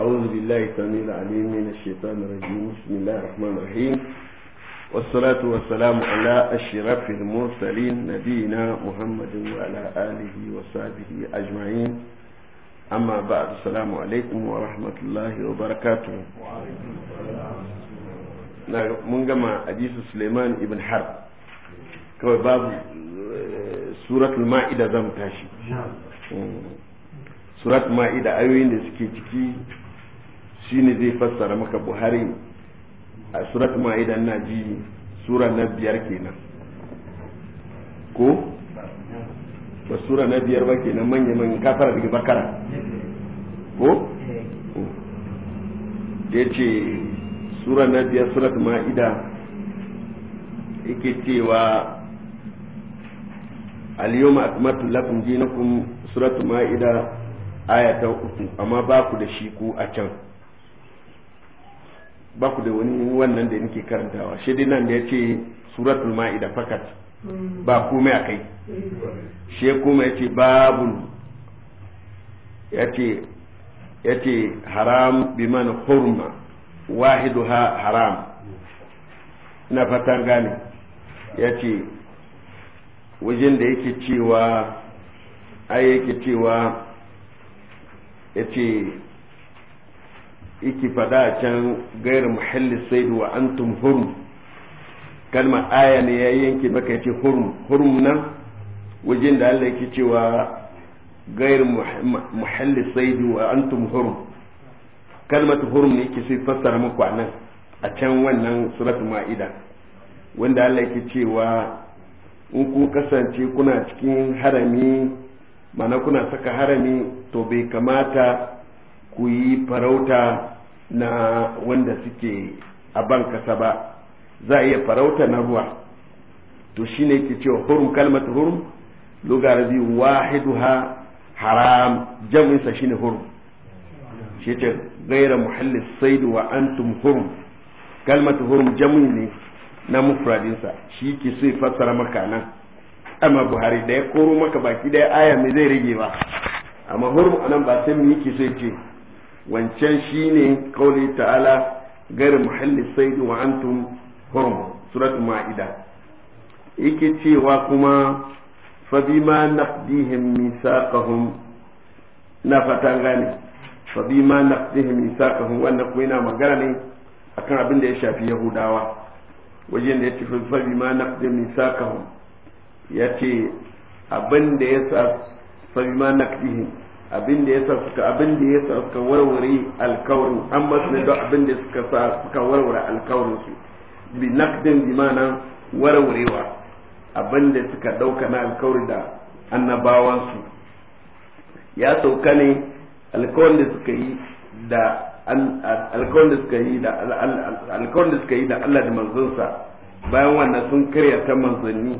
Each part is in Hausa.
أعوذ بالله السميع العليم من الشيطان الرجيم بسم الله الرحمن الرحيم والصلاة والسلام على أشرف المرسلين نبينا محمد وعلى آله وصحبه أجمعين أما بعد السلام عليكم ورحمة الله وبركاته mun gama hadisu Suleiman ibn Harb kawai babu suratul ma'ida zamu tashi suratul ma'ida ayoyin da suke ciki shine zai fassara maka buhari a surat ma'ida na ji sura na biyar kenan ko ba sura na biyar ba kenan manya manyan kafara daga bakara ko ya ce sura na biyar surat ma'ida yake cewa اليوم أكملت لكم دينكم سورة مائدة آية أخرى أما باكو دشيكو أتشان ba ku da wani wannan da nake karantawa shi dai nan da ya ce suratul ma'ida fakat mm. ba komai a kai mm. shi kuma ya ce babun ya ce haram bi hurma wahidu ha haram na fatan gane ya ce wajen da yake cewa ai yake cewa ya ce iki fada a can gairu muhalli saidu wa antum hurum kalma aya ne ya yanke maka yace hurum hurum nan wajen da Allah yake cewa gairu muhalli saidu wa antum hurum kalmatu hurum ne yake sai fassara muku nan a can wannan suratul ma'ida wanda Allah yake cewa in kun kasance kuna cikin harami mana kuna saka harami to bai kamata ku yi farauta na wanda suke a ban kasa ba za a iya farauta na ruwa to shi ne ke cewa hurum kalmat hurum lugar biyu ha haram jam'insa ne hurum shi ce gaira muhallis saidu wa antum hurum kalmat hurum jam'i ne na mufradinsa shi ke so fassara maka nan amma buhari da ya koro maka baki daya aya me zai rage ba amma hurum anan ba sai mu yake ce wancan shine kauli ta'ala gari muhalli sai wa antum hurum suratul ma'ida yake cewa kuma fa bima naqdihim misaqahum na fatan gane fa bima naqdihim misaqahum wannan kuma yana magana ne akan abin da ya shafi yahudawa wajen da ya ce fa bima naqdihim misaqahum ya ce abin da ya sa fa bima naqdihim abin da ya sa suka abin da ya sa suka warware alkawarin an su ne don abin da suka sa suka warware alkawarin su bi nakdin bi mana warwarewa abin da suka dauka na alkawari da annabawan su ya sauka ne alkawarin da suka yi da alkawarin da suka yi da alkawarin da suka yi da Allah da manzonsa bayan wannan sun karya ta manzanni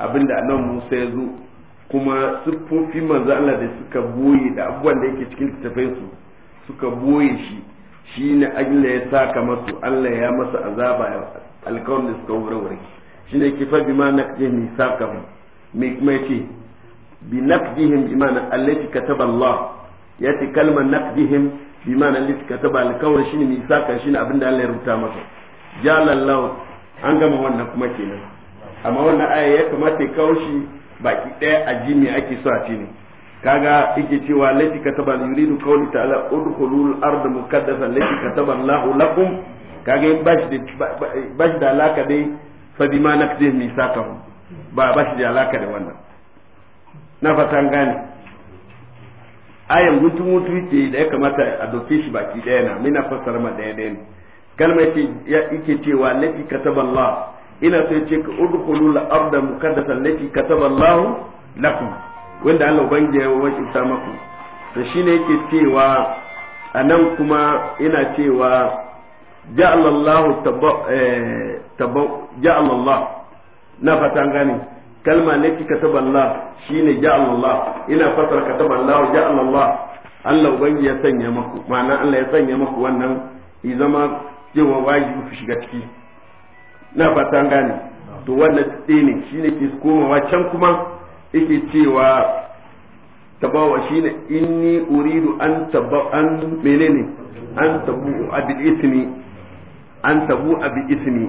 abinda allah Musa ya zo kuma siffofi manzo Allah da suka boye da abubuwan da yake cikin littafin su suka boye shi shine Allah ya saka masu Allah ya masa azaba alkawarin da suka shi shine kifa bima naqdi mu me kuma yace bi naqdihim bimana allati kataba Allah yati kalmar naqdihim bimana allati kataba alkawarin saka shi ne abinda Allah ya rubuta masa jalallahu an gama wannan kuma kenan amma wannan aya ya kamata ya kawo shi baki daya a ji me ake so a ne kaga yake cewa lati kataba yuridu qawli ta'ala udkhulul ardh muqaddasan lati kataba Allahu lakum kaga in bashi da bashi da alaka dai fa bima nakdin misakahu ba bashi da alaka da wannan na fatan gane ayan mutu mutu ce da ya kamata a doke shi baki daya na mina fassara ma daya daya ne kalma yake cewa lati kataba Allah ina sai ce ka udkhulu al-ardh muqaddatan lati kataba Allah lakum wanda Allah ubangiji ya ta maku to shine yake cewa anan kuma ina cewa ja'ala Allah eh, tabba ja'ala Allah na fatan gani kalma lati kataba Allah shine ja'ala Allah ina fasara kataba Allah ja'ala Allah Allah ubangiji ya sanya maku ma'ana Allah ya sanya maku wannan i zama cewa wajibi ku shiga ciki na fata gane to wannan tsaye ne shi ne ke komawa can kuma yake cewa tabawa shi ne inni uridu an taba an menene an tabu a bi ismi an tabu a bi ismi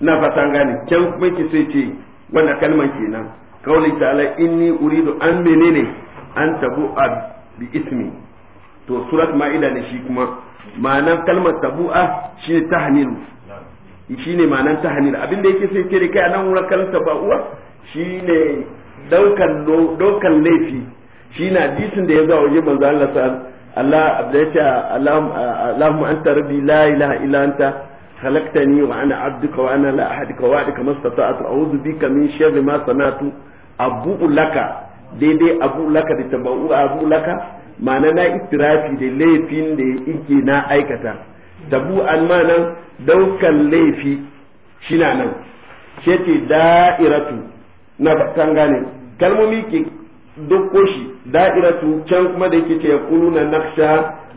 na fata gane can kuma yake sai ce wannan kalmar kenan kawai ta'ala inni uridu an menene an tabu a bi ismi to surat ma'ida ne shi kuma ma'anar kalmar tabu'a shi ne tahmilu shi shine ma'anan tahanir abin da yake sai kire kai a nan wurin kalanta ba uwa shi ne daukan laifi shi na jisun da ya zo waje manzo Allah sa Allah abdace Allahumma anta rabbi la ilaha illa anta خلقتني وانا عبدك وانا لا احدك وعدك ما استطعت اعوذ بك من شر ma sanatu abu laka daidai abu laka da tabu abu laka ma'ana na itirafi da laifin da yake na aikata tabu an ma'anan daukan laifi shina nan ce ce da'iratu na kan gane kalmomi ke dokko shi da'iratu can kuma da yake ce ya na naksha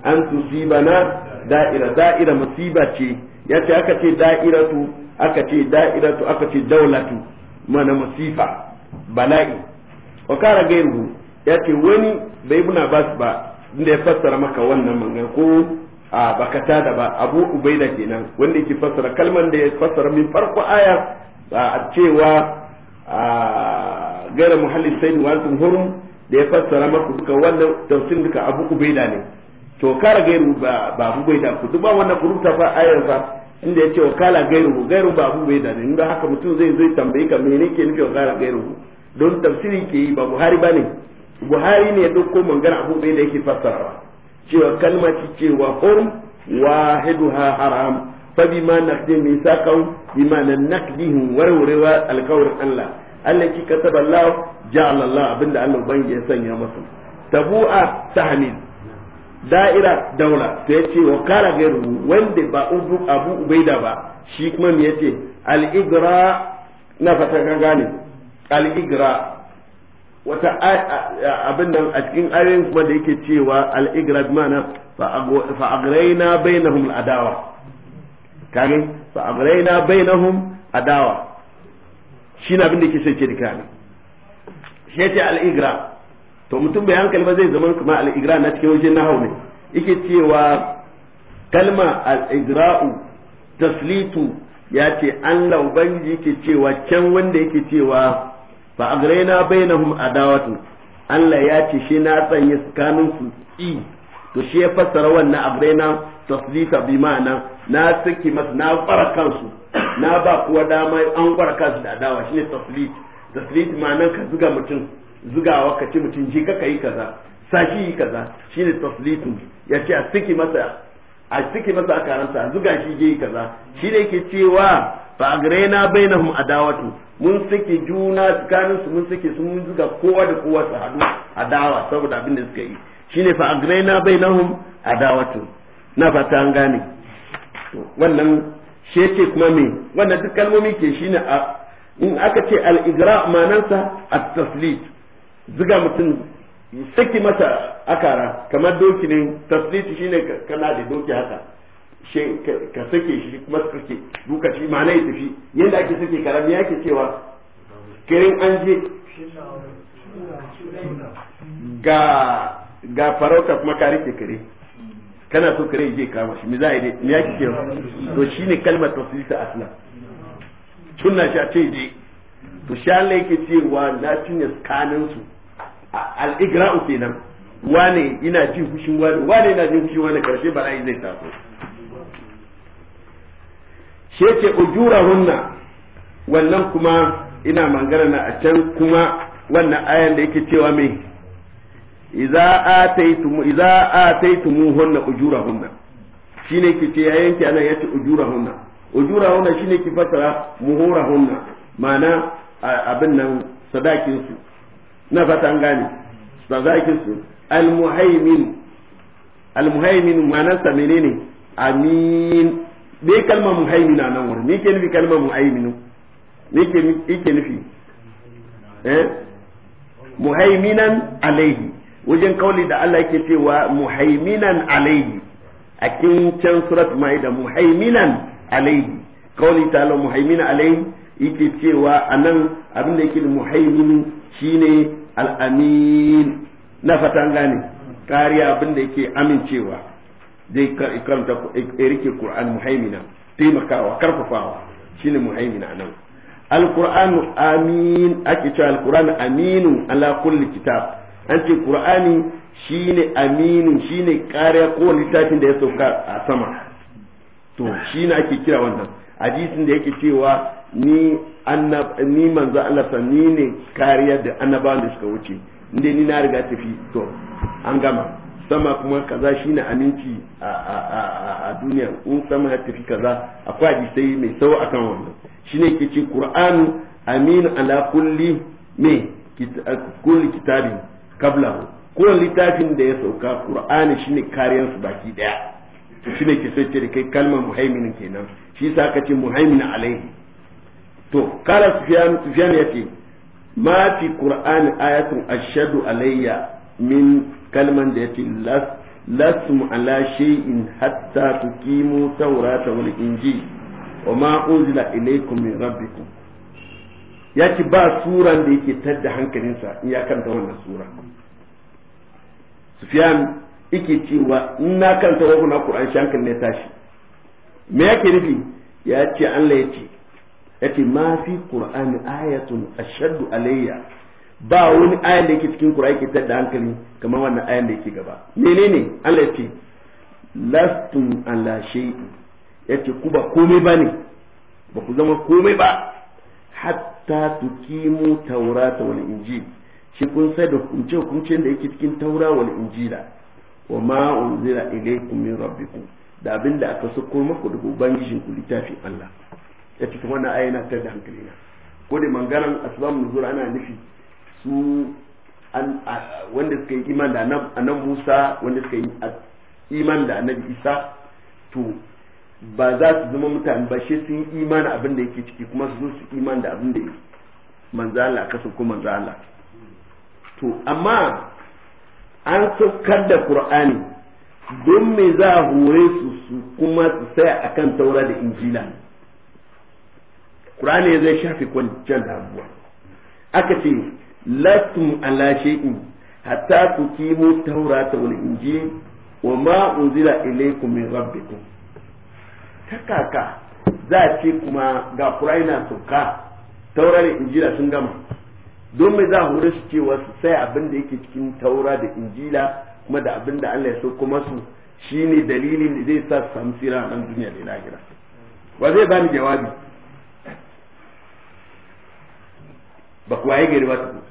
an na da'ira da'ira musiba ce ya ce aka ce da'iratu aka ce da'iratu aka ce daulatu mana musifa bala'i wa kara gairu ya ce wani bai buna su ba inda ya fassara maka wannan mangan ko a bakata da ba abu ubaida kenan wanda yake fassara kalman da ya fassara min farko aya a cewa a gaira muhallin sai wa antum hurum da ya fassara maku duka wannan tafsir duka abu ubaida ne to kara gairu ba abu ubaida ku duk ba wannan furuta fa ayar fa inda ya ce wa kala gairu gairu ba abu ubaida ne inda haka mutum zai zai tambaye ka me ke nufi wa kala gairu don tafsiri ke yi ba buhari ba ne buhari ne ya dauko mangana abu ubaida yake fassarawa cewa kalma ce cewa wahidu wahiduha haram fa ma naqdi misaqan bima hum warwarewa alkawarin Allah Allah ki kataba Allah ja'ala Allah abinda Allah bangi ya sanya masa tabu'a tahmin da'ira daula to yace wa kala gairu wanda ba abu ubaida ba shi kuma me yace al-igra na fata gane al-igra wata abin nan a cikin ayoyin kuma da yake cewa al igrad mana fa agraina bainahum adawa kage fa agraina bainahum adawa shi na abin da yake sai ce dika ne shi yace al-igra to mutum bai hankali ba zai zama kuma al-igra na cikin wajen nahawu ne yake cewa kalma al-igra'u taslitu ya ce Allah ubangiji yake cewa can wanda yake cewa fa agrena bainahum adawatun Allah ya ce shi na sanya tsakanin su i to shi ya fassara wannan agrena taslita bi ma'ana na saki masa na fara kansu na ba kuwa dama an fara kansu da adawa shine taslit taslit ma'anan ka zuga mutum zugawa ka ci mutum ji ka yi kaza sashi yi kaza shine taslitun ya ce a saki masa a saki masa a ransa zuga shi je kaza shi ne ke cewa fa agrena bainahum adawatu mun suke juna tsakanin su mun suke su mun zuga kowa da kowa su hadu adawa saboda abin da suka yi shine fa agrena bainahum adawatu na fata an gane wannan shi yake kuma me wannan duk kalmomi ke shine a in aka ce al-igra manansa at-taslit zuga mutum saki masa akara kamar doki ne taslit shine kana da doki haka shi ka sake shi kuma suka ke duka shi ma na tafi yadda ake sake karami yake cewa kirin an je ga ga farauta kuma kare ke kare kana so kare je kama shi mi za a yi me yake cewa to shine kalmar tafsir asla tunna shi a ce je to shala yake cewa na cinye tsakanin su al-igra'u kenan wane ina jin fushin wane wane ina jin fushin wane karshe yi zai taso shi yake hunna wannan kuma ina mangana na a can kuma wannan ayan da yake cewa me iza ataytum hunna ujura hunna shine yake ce ya ki anan yace ujura hunna shine ki fasara hunna ma'ana abin nan sadakin su na fata an gane sadakin su almuhaimin almuhaimin ma'anarsa menene amin me kalmar muhaimina nan wurin me ke nufi kalmar muhaiminu me ke nufi eh muhaiminan alaihi wajen kauli da Allah yake cewa muhaiminan alaihi a cikin can surat ma'ida muhaiminan alaihi kauli mu muhaiminan alaihi yake cewa anan abin da yake muhaiminu shine al-amin na fatan gane kariya abin da yake amincewa zai karanta ya rike Qur'an muhaimina taimakawa karfafawa shine muhaimina nan Al-Qur'an amin ake cewa Al-Qur'an aminu ala kulli kitab an ce qur'ani shine aminu shine kariya ko littafin da ya sauka a sama to shine ake kira wannan hadisin da yake cewa ni annab ni manzo Allah ni ne kariya da annabawan da suka wuce inda ni na riga tafi to an gama sama kuma kaza shine aminci a duniya in sama ya tafi kaza akwai hadisai mai tsawo akan wannan shine ke ce qur'anu amin ala kulli me kulli kitabin kabla ko littafin da ya sauka qur'ani shine kariyar su baki daya shine ke so ce da kai kalmar muhaimin kenan shi yasa aka ce muhaimin alaihi to kala sufyan sufyan yake ma fi qur'ani ayatun ashadu alayya min kalman da ya las lasum ala shay'in hatta tuqimu tawrata wal injil wa ma unzila ilaykum min rabbikum yace ba suran da yake tadda hankalinsa in ya kanta wannan sura Sufyan yake cewa in na kanta wannan Qur'an shankan ne tashi me yake nufi ya Allah ya ce ma fi Qur'ani ayatun ashaddu alayya ba wani ayan da yake cikin Qur'ani ke tada hankali kamar wannan ayan da yake gaba menene Allah yake lastum ala shay'in yace ku ba komai bane ba ku zama komai ba hatta tukimu taurata wal injil shi kun sai da kun ce da yake cikin taura wal injila wa ma unzila ilaykum min rabbikum da abin da aka sako muku daga ubangijin ku littafin Allah yace kuma wannan ayana tada hankali na ko da mangaran asbab nuzul ana nufi su wanda suka yi iman da annabi Musa wanda suka yi iman da annabi Isa to ba za su zama mutane ba shi sun yi iman abin da yake ciki kuma su zo su iman da abin da yake manzo Allah kasu ko manzo Allah to amma an saukar da Qur'ani don me za a hore su su kuma su tsaya akan taura da injila Qur'ani zai shafe kwanciyar damuwa aka ce lastum ala shay'in hatta tuqimu tawrata wal injil wa ma unzila ilaykum min rabbikum takaka za ce kuma ga kurai na sauka taura da injila sun gama don mai za a hore su cewa su sai abin da yake cikin taura da injila kuma da abin da Allah ya so kuma su shine dalilin da zai sa su samu tsira a duniya da lahira wa zai bani jawabi ba kuwa yi gari ba su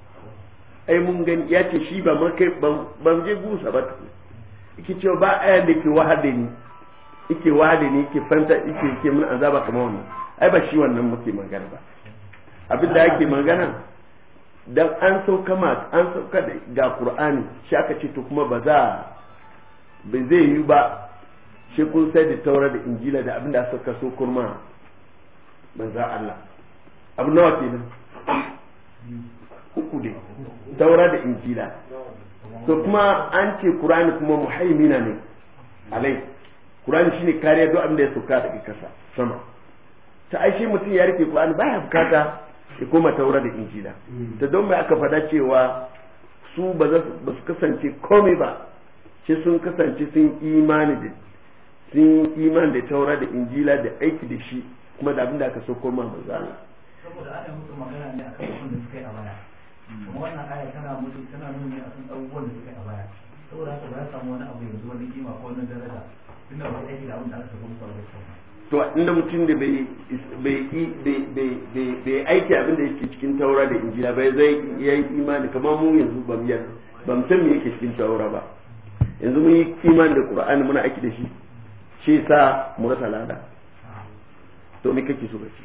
ai mun gani ya ce shi ba kai ban je gusa ba ta yake cewa ba aya da ke wahade ni ike wahade ni ke fanta ike ke mun azaba kamar wannan ai ba shi wannan muke magana ba abin da yake magana dan an sauka ma an sauka ga qur'ani shi aka ce to kuma ba za ba zai yi ba shi kun sai da taura da injila da abin da suka so kurma manzo Allah abu nawa kenan uku dai taura da injila to kuma an ce qur'ani kuma muhaimina ne alai qur'ani shine kariya duk abin da ya sauka daga kasa sama ta aishe mutum ya rike qur'ani baya bukata ya koma taura da injila mm. ta don mai aka fada cewa su ba su kasance komai ba sai sun kasance sun imani da sun imani da taura da injila da aiki da shi kuma da abin da aka so koma manzo Allah saboda ana musu magana ne akan abin da suka yi a Mm. kuma wannan aya tana mutu tana nuni a kan abubuwan da suka a baya saboda haka ba ya samu wani abu yanzu wani kima ko wani daraja tunda ba aiki da abin da aka rubuta ba to inda mutum da bai bai aiki abin da yake cikin taura da injila bai zai ya yi imani kamar mu yanzu ba mu ba mu san me yake cikin taura ba yanzu mun yi imani da qur'ani muna aiki da shi shi sa mu rasa lada ah. to me kake so ka ci.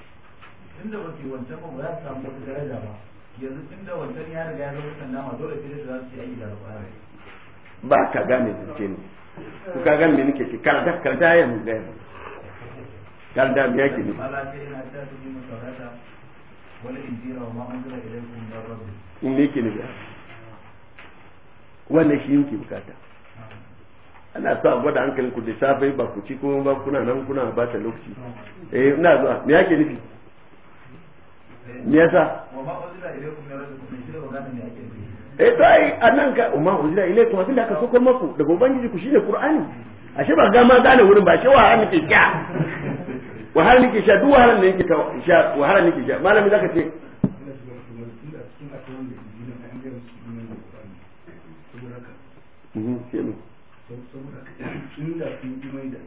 inda ba ki wancan ba ba za samu wata daraja ba yanzu tun da wancan ya riga ya zama sanda nama dole sai da za su yi aiki da alƙur'ani ba ka gane zance ne ku ka gane me nake ce karda karda ya mu gaya karda me yake ne in ne ke ne ba wannan shi yake bukata ana sa gwada hankalin ku da safai ba ku ci kuma ba kuna nan kuna ba ta lokaci eh ina zuwa me yake nufi me yasa eh to anan ka umma uzira ilaikum abinda aka sokar maku daga ubangiji ku shine qur'ani ashe ba ga ma gane wurin ba ashe wahala nake sha wahala nake sha duk wahalan da yake ta sha wahala nake sha malami zaka ce mhm, saboda ka inda sun imai da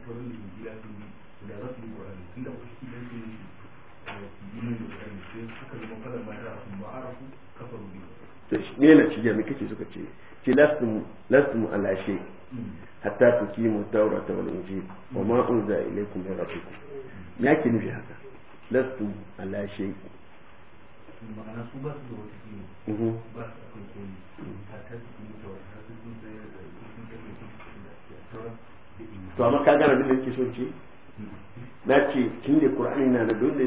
me na ci jami kake suka ce ki lastum lastum ala hatta tuqimu tawrata wal injil wa ma unza ilaykum min rabbikum me yake nufi haka lastum ma'ana su ba su da ba su da to amma ka gane da yake so ce hmm. na ce tun da qur'ani na da don da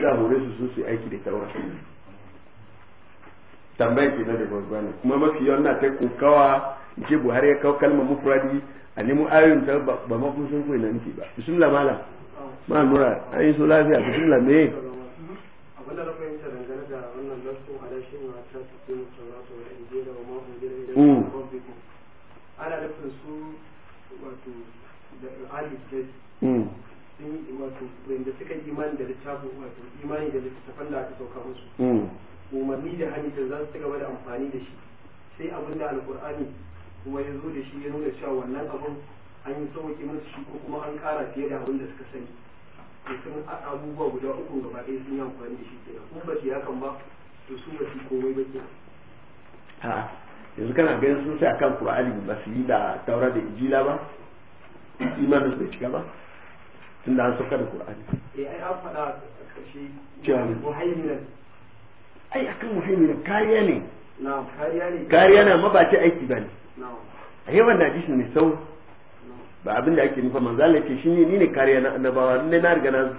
za hore su su aiki da tawrata tambaya ke na da ne kuma mafi yawan na ta kokawa ce buhari ya kawo kalmar mufradi a nemo ayoyin ta ba ma sun koyi na nufi ba bismillah malam ma nura an yi so lafiya bismillah me da mm. ana nufin wato da mm. sun wato suka imani da littafin wato imani da littafin da aka sauka musu mm. umarni da hadisi za su ci gaba da amfani da shi sai abin da alkur'ani kuma ya zo da shi ya nuna cewa wannan abin an yi sauƙi musu shi ko kuma an kara fiye da abin da suka sani to sun abubuwa guda uku gaba ɗaya sun yi amfani da shi kenan kuma ba su yakan ba to su ba su komai ba kenan a'a yanzu kana ganin sun sai akan qur'ani ba su yi da taura da ijila ba imanin bai cika ba tun da an sauka da qur'ani eh ai an faɗa a ƙarshe cewa ne. ai kan mutum ne kariya ne kariya na mabace aiki ba ne a yawan da jishi ne sau ba abin da ake nufa manzo Allah ce shine ni ne kariya na annabawa ne na riga na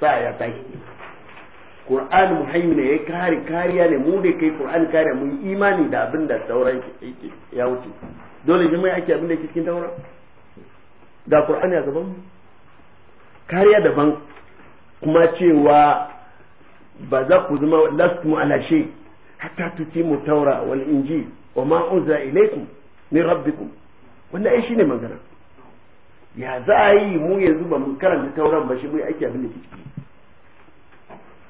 sa ya tai Qur'an muhaimin ya kare kariya ne mu da kai Qur'an kariya mu imani da abin da sauran yake ya wuce dole ne mai ake abin da yake cikin taura ga Qur'ani a gaban mu kariya daban kuma cewa ba za ku zama lastu ala shay hatta mu taura wal inji wa ma unza ilaikum min rabbikum wannan ai shine magana ya za a yi mu yanzu ba mu karanta tauran ba shi mu aiki abin da ke ciki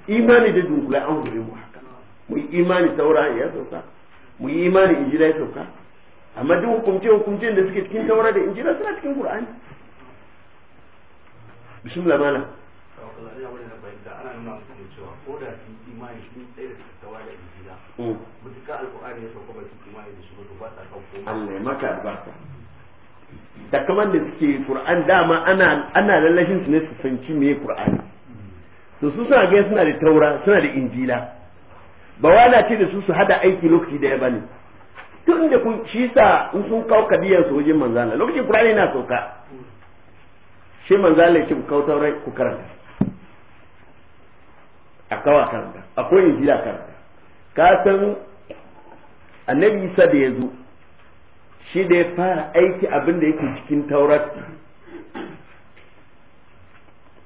imani da dungula an hore mu haka mu yi imani taura ya sauka mu yi imani injila ya sauka amma duk hukumce hukumcen da suke cikin taura da injila suna cikin qur'ani bismillah mana Mm. mutuka alkur'ani ya sauka ba su imani da su ba ba ta kan Allah ya maka albarka da kamar da suke Qur'an dama ana ana lallashin su ne su sanci me Qur'ani to su suna ga suna da Taura suna da Injila ba wala ce da su su hada aiki lokaci da ya bane tun da kun shi sa in sun kawo kadiyar su wajen manzana lokacin Qur'ani na sauka shi manzana ya ce ku kawo Taura ku karanta a a karanta akwai Injila karanta ka san annabi isa da ya zo shi da ya fara aiki abin da yake cikin taurat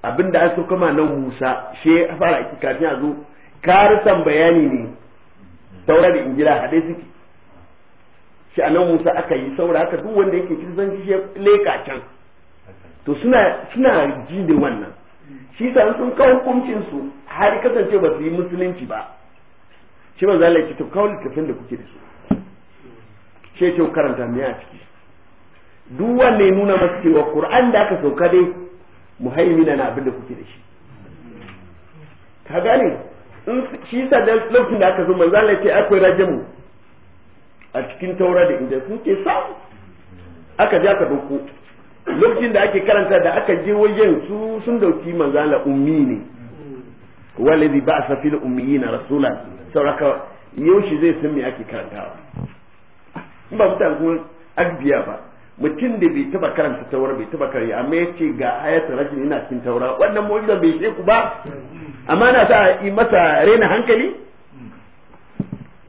abin da aka kama nan musa shi ya fara aiki kafin a zo karisan bayani ne taurat da injila haɗe suke shi a nan musa aka yi saura haka duk wanda yake kiristanci shi ya leka can to suna suna ji da wannan shi sa sun kawo hukuncin su har kasance ba su yi musulunci ba shi ban Allah kitab ce to littafin da kuke da su shi ce karanta me a ciki duk wanne nuna masa cewa Qur'an da aka sauka dai muhaimina na abin da kuke da shi ka gane in shi sa da lokacin da aka zo manzo Allah ce akwai rajamu a cikin taura da inda sun ce sa aka ji aka doko lokacin da ake karanta da aka je wajen su sun dauki manzala ummi ne ba ba'sa fil ummiyina rasula sauraka yaushe zai san me ake karantawa in ba mutane kuma agbiya ba mutum da bai taba karanta taurar bai taba karya amma ya ce ga ayatul rashin ina cikin taurar wannan mu'jiza bai sheku ba amma na sa yi masa rena hankali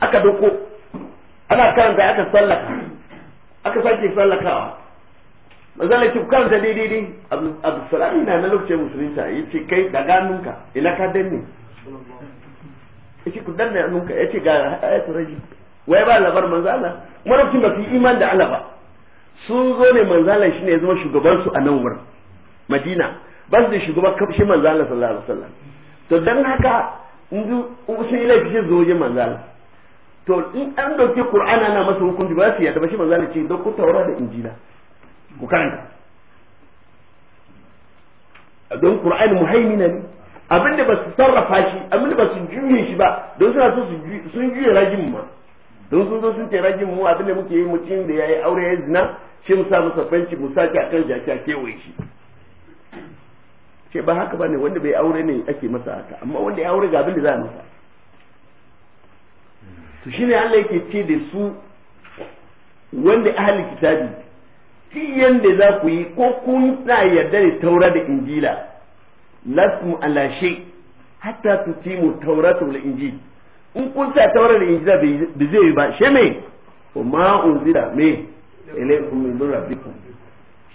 aka doko ana karanta aka sallaka aka sake sallakawa da ce karanta daidai abu abdulsalami na na lokacin musulunta ya ce kai da ganunka ila ka danne ya ce ku danne hannunka ya ce ga ayatu raji wai ba labar manzala kuma lokacin ba su yi iman da Allah ba sun zo ne manzala shine ya zama shugaban su a nan wurin madina ba su da shugaban kafshi manzala sallallahu alaihi wasallam to dan haka in sun yi laifi zo wajen manzala to in an dauke qur'ana na masa hukunci ba su yadda ba shi manzala ce dokuta ku da injila ku karanta don qur'ani muhaimina ne abinda ba su sarrafa shi abinda ba su juye shi ba don suna so su sun juye rajin ma don sun zo sun tera rajin mu abinda muke yi mutum da yayi aure ya zina shi mu sa masa fanci mu sake akan jaki a kewaye shi ce ba haka ba ne wanda bai aure ne ake masa haka amma wanda ya aure ga abinda za a masa to shine Allah yake ce da su wanda ahli kitabi shi yadda za ku yi ko kun sa yarda da taura da injila lasmu ala shay hatta mu taura da injil in kun sa taura da injila da zai yi ba she me kuma unzila me yi zura biku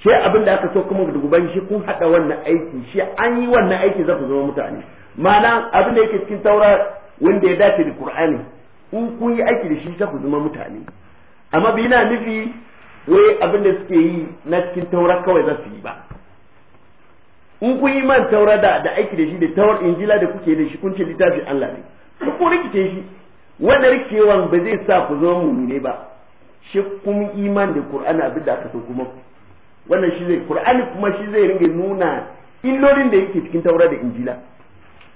she abin da aka so kuma da guban shi kun hada wannan aiki shi an yi wannan aiki za ku zama mutane ma'ana abin da yake cikin taura wanda ya dace da qur'ani in kun yi aiki da shi za ku zama mutane amma bi na nufi wai abin da suke yi na cikin taura kawai za su yi ba in kun yi man taura da da aiki da shi da taurar injila da kuke da shi kun ce littafin Allah ne ku rikice shi wannan rikicewan ba zai sa ku zama ne ba shi kun iman da Qur'ani abin da aka so kuma wannan shi zai Qur'ani kuma shi zai ringa nuna illolin da yake cikin taura da injila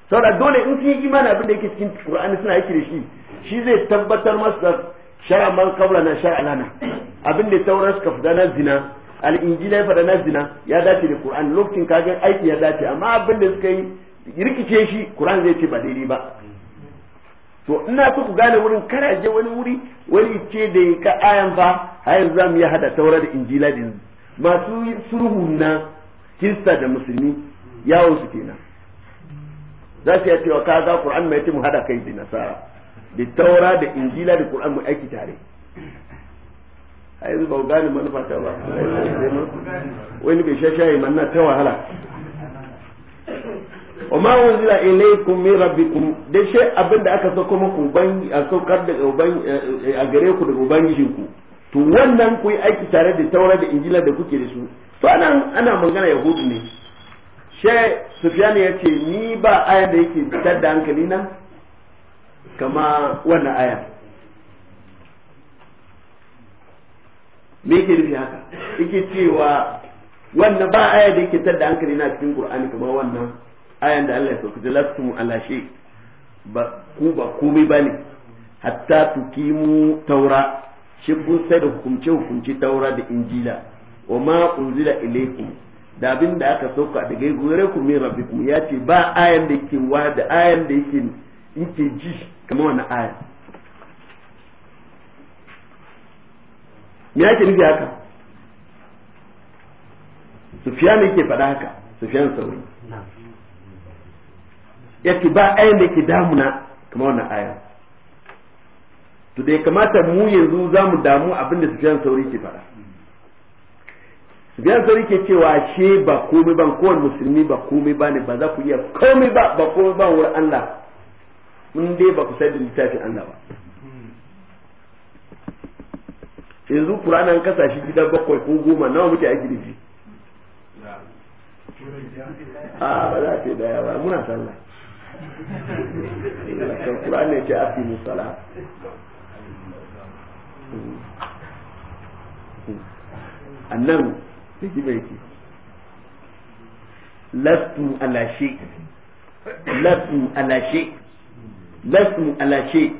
saboda dole in kun yi imani abin da yake cikin Qur'ani suna yake da shi shi zai tabbatar masa shara man kabla na shara lana abin da taurar suka fada na zina al'injila ya fada na zina ya dace da qur'an lokacin kaga aiki ya dace amma abin da suka yi rikice shi qur'an zai ce ba daidai ba to ina so ku gane wurin kara je wani wuri wani ce da ka ayan fa har yanzu zamu ya hada taurar da injila din masu sulhu na kista da musulmi yawo su kenan za su iya cewa kaga qur'an mai ce mu hada kai da nasara da taura da injila da qur'an mu aiki tare a yanzu ba gane manufa ta ba wani bai sha shayi manna ta wahala wa ma unzila ilaykum min rabbikum da shi abinda aka sako muku ban a saukar da uban a gare ku da ubangijin ku to wannan ku yi aiki tare da taura da injila da kuke da su to anan ana magana yahudu ne she sufyan ya ce ni ba ayan da yake fitar da hankali na kama wannan aya me yake nufi haka yake cewa wannan ba aya da yake tada hankali na cikin qur'ani kama wannan ayan da Allah ya sauka lastum ala shay ba ku ba komai bane hatta tukimu taura shi kun sai da hukumce hukumce taura da injila wa ma unzila ilaykum da abin da aka sauka daga gure ku min rabbikum ya ce ba ayan da yake wa da ayan da yake yake ji kamar wannan aya me yake nufi haka sufiyan yake faɗa haka sufiyan sauri yake ba ayan da yake damuna kamar wannan aya to da ya kamata mu yanzu za mu damu abinda sufiyan sauri ke faɗa sufiyan sauri ke cewa ce ba komai ban kowane musulmi ba komai ba ne ba za ku iya komai ba ba komai ba wurin Allah in dai ba ku sani littafin Allah ba yanzu Qur'ani an kasa shi gida bakwai ko goma nawa muke aiki da shi a ba za ta yi daya ba muna sallah kan Qur'ani ne ce afi musala annan sai bai ki lastu alashe lastu alashe lastum ala shay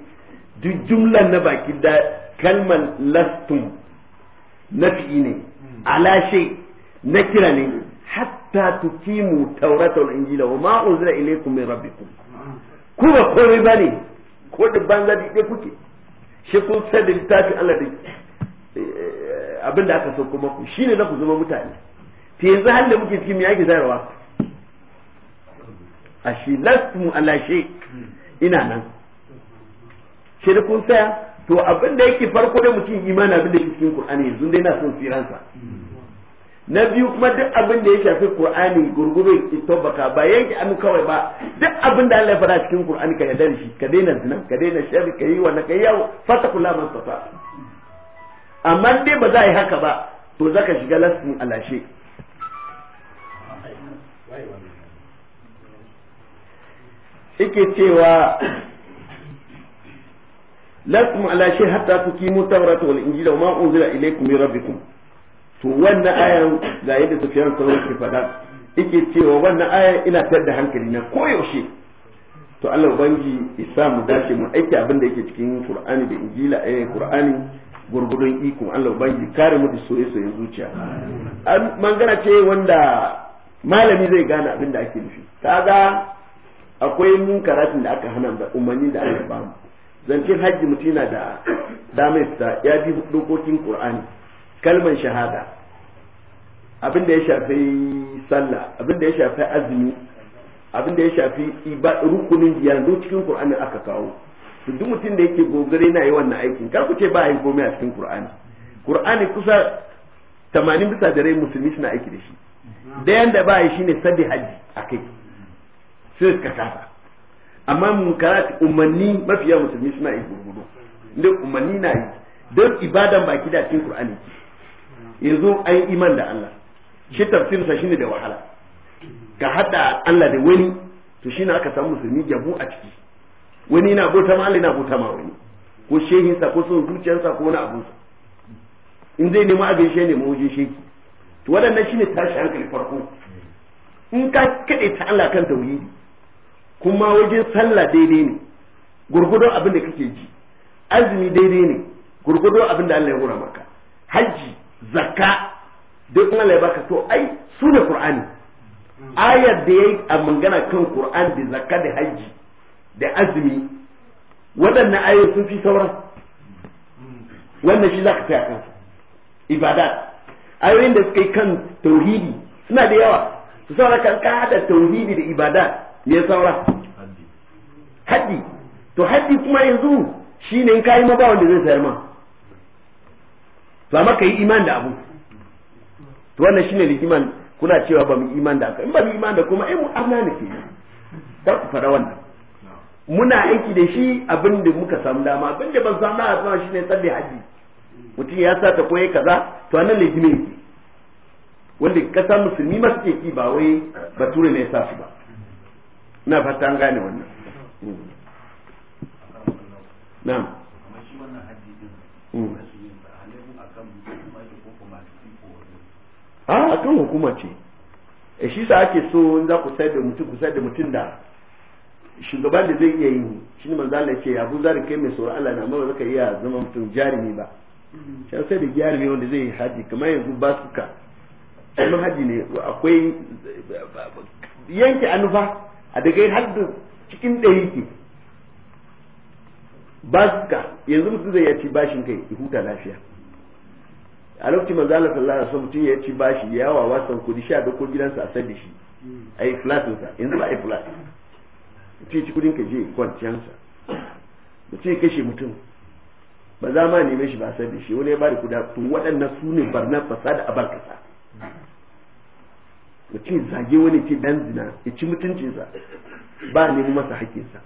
duk jumlan na baki da kalman lastum nafi ne ala na kira ne hatta tukimu taurata wal injila wa ma unzila ilaykum min rabbikum ku ba komai bani ko da banza da kuke shi kun sai da littafin Allah da eh, abin da aka kuma ku shine na ku zama mutane to yanzu halin da muke cikin me yake zarawa ashi lastum ala alashe. ina nan shi da kun tsaya to abin da yake farko da mutum imani abin da yake cikin Qur'ani yanzu dai na son tsiransa na biyu kuma duk abin da ya shafi Qur'ani gurgure itabaka ba yanki anu kawai ba duk abin da Allah ya faɗa cikin Qur'ani ka yarda shi ka daina zina ka daina sharri ka yi wannan ka yawo la man amma dai ba za a yi haka ba to zaka shiga lasin alashe yake cewa lakum ala shi hatta tukimu tawrata wal injila wa ma unzila ilaykum min rabbikum to wannan ayan ga yadda Sufyan sauri ke faɗa yake cewa wannan aya ina tada hankali na koyaushe to Allah ubangi isa mu dace mu aiki abin da yake cikin Qur'ani da Injila eh Qur'ani gurgudun iko Allah ubangi kare mu da soyayya zuciya an mangana ce wanda malami zai gane abin da ake nufi kaga akwai munkaratin da aka hana da umarni da aka ba mu zancen hajji mutum yana da damista ya bi dokokin qur'ani kalmar shahada abin da ya shafi sallah abin da ya shafi azumi abin da ya shafi rukunin yanzu cikin qur'ani aka kawo duk mutum da yake gogare na yi wannan aikin kar ku ce ba yin komai a cikin qur'ani qur'ani kusa 80 bisa da rai musulmi suna aiki da shi dayan da ba yi shine sadi hajji akai sai suka kasa amma munkarat umanni mafiya musulmi suna yi gurgudu inda umanni na yi don ibadan baki da cikin qur'ani yanzu an iman da Allah shi sa shine da wahala ka hada Allah da wani to shine aka samu musulmi jabu a ciki wani yana bauta ma Allah yana bota ma wani ko sa ko son zuciyarsa ko wani abunsa in zai nemi abin shi ne mawujin sheki to waɗannan shine tashi hankali farko in ka kaɗe ta Allah kan tauhidi kuma wajen sallah daidai ne gurgudo abin da kake ji azumi daidai ne gurgudo abin da Allah ya hura maka hajji zakka duk Allah ya baka to ai su ne qur'ani ayar da yayi a magana kan qur'an da zakka da hajji da azumi waɗannan ayoyi sun fi sauran wannan shi zaka tsaya kan ibada ayoyin da suke kan tauhidi suna da yawa su saura kan ka tauhidi da ibada me saura haddi to haddi kuma yanzu shine in kai ma ba wanda zai sayar ma to amma kai iman da abu to wannan shine rigiman kuna cewa ba mu iman da aka in ba mu iman da kuma ai mu amna ne ke da ku fara wannan muna aiki da shi abin da muka samu dama abin da ban samu dama shine tsalle haddi mutum ya sa ta koyi kaza to anan ne jime wanda kasan musulmi masu ke ki ba wai bature ne ya sa su ba na fata an gane wannan na a ah, kan hukuma ce e shi sa ake so in za ku sai da mutum ku sai da mutum da shugaban da zai iya yi shi ne manzala Allah ce Abu zari kai mai tsoron Allah na mawa zaka iya zama mutum jarumi ba shi sai da jarumi wanda zai yi haji kamar yanzu ba su ka kuma haji ne akwai yanke anufa a daga har da cikin ɗaya ke ba ka yanzu mutum zai ya ci bashin kai ya huta lafiya a lokacin manzo Allah sallallahu alaihi wasallam ya ci bashi ya wawa san kudi sha da ko gidansa a sadi shi ai flatin sa yanzu ba ai flat mutum ci kudin ka je kwanciyansa mutum ya kashe mutum ba za ma neme shi ba a sadi shi wani ya bari kuda to waɗannan su ne barnar fasada a barkasa mutum zage wani ce dan zina ya ci mutuncinsa ba nemi masa haƙƙinsa